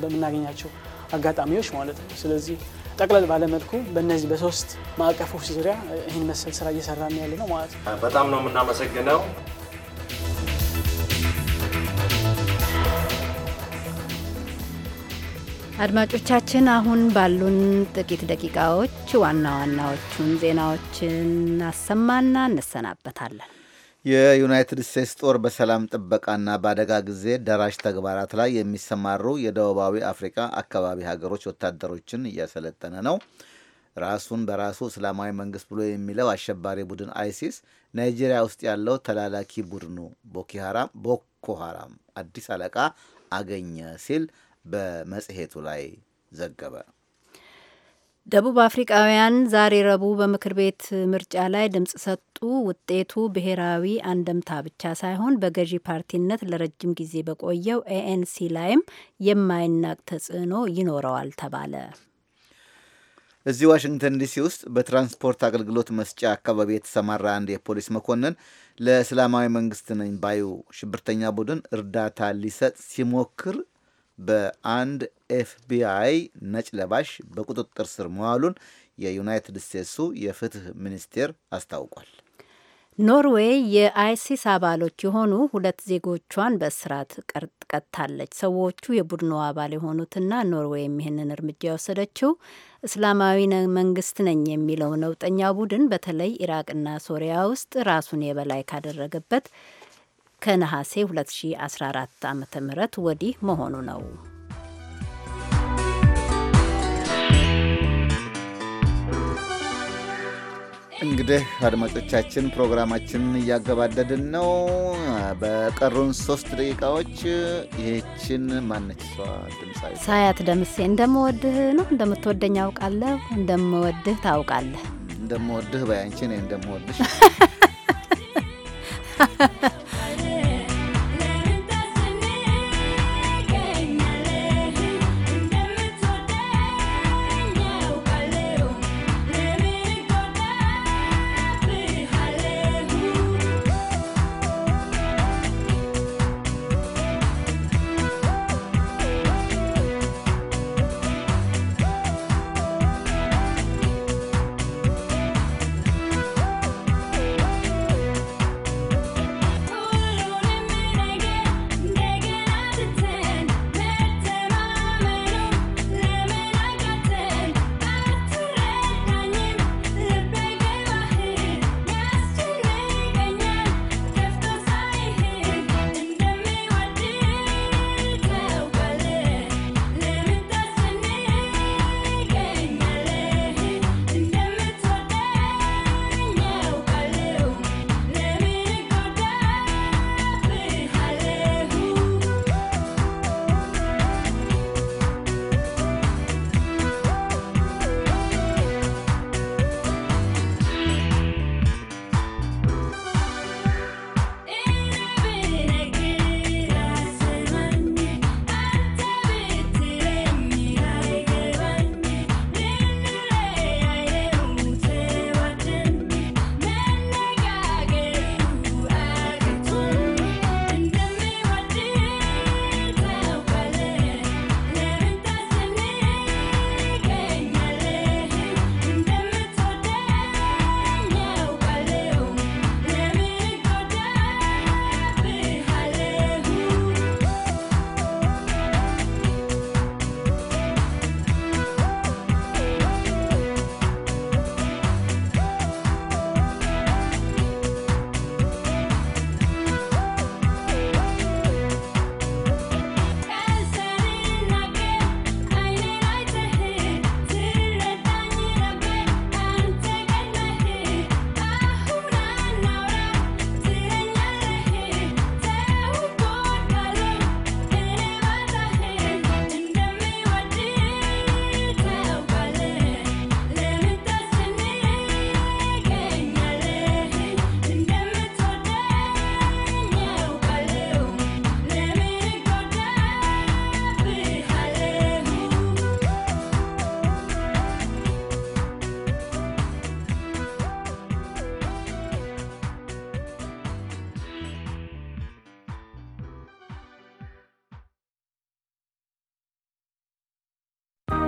በምናገኛቸው አጋጣሚዎች ማለት ነው። ስለዚህ ጠቅለል ባለመልኩ በእነዚህ በሶስት ማዕቀፎች ዙሪያ ይህን መሰል ስራ እየሰራን ያለ ነው ማለት ነው። በጣም ነው የምናመሰግነው። አድማጮቻችን አሁን ባሉን ጥቂት ደቂቃዎች ዋና ዋናዎቹን ዜናዎችን አሰማና እንሰናበታለን። የዩናይትድ ስቴትስ ጦር በሰላም ጥበቃና በአደጋ ጊዜ ደራሽ ተግባራት ላይ የሚሰማሩ የደቡባዊ አፍሪካ አካባቢ ሀገሮች ወታደሮችን እያሰለጠነ ነው። ራሱን በራሱ እስላማዊ መንግስት ብሎ የሚለው አሸባሪ ቡድን አይሲስ ናይጄሪያ ውስጥ ያለው ተላላኪ ቡድኑ ቦኮ ሀራም አዲስ አለቃ አገኘ ሲል በመጽሔቱ ላይ ዘገበ። ደቡብ አፍሪቃውያን ዛሬ ረቡዕ በምክር ቤት ምርጫ ላይ ድምጽ ሰጡ። ውጤቱ ብሔራዊ አንደምታ ብቻ ሳይሆን በገዢ ፓርቲነት ለረጅም ጊዜ በቆየው ኤኤንሲ ላይም የማይናቅ ተጽዕኖ ይኖረዋል ተባለ። እዚህ ዋሽንግተን ዲሲ ውስጥ በትራንስፖርት አገልግሎት መስጫ አካባቢ የተሰማራ አንድ የፖሊስ መኮንን ለእስላማዊ መንግስት ነኝ ባዩ ሽብርተኛ ቡድን እርዳታ ሊሰጥ ሲሞክር በአንድ ኤፍቢአይ ነጭ ለባሽ በቁጥጥር ስር መዋሉን የዩናይትድ ስቴትሱ የፍትህ ሚኒስቴር አስታውቋል። ኖርዌይ የአይሲስ አባሎች የሆኑ ሁለት ዜጎቿን በእስራት ቀጥታለች። ሰዎቹ የቡድኑ አባል የሆኑትና ኖርዌይ ይህንን እርምጃ የወሰደችው እስላማዊ መንግስት ነኝ የሚለው ነውጠኛ ቡድን በተለይ ኢራቅና ሶሪያ ውስጥ ራሱን የበላይ ካደረገበት ከነሐሴ 2014 ዓ ም ወዲህ መሆኑ ነው። እንግዲህ አድማጮቻችን ፕሮግራማችን እያገባደድን ነው። በቀሩን ሶስት ደቂቃዎች ይህችን ማነች እሷ ድምፃዊ ሳያት ደምሴ እንደምወድህ ነው እንደምትወደኝ አውቃለሁ። እንደምወድህ ታውቃለህ። እንደምወድህ በያንቺ እኔ እንደምወድሽ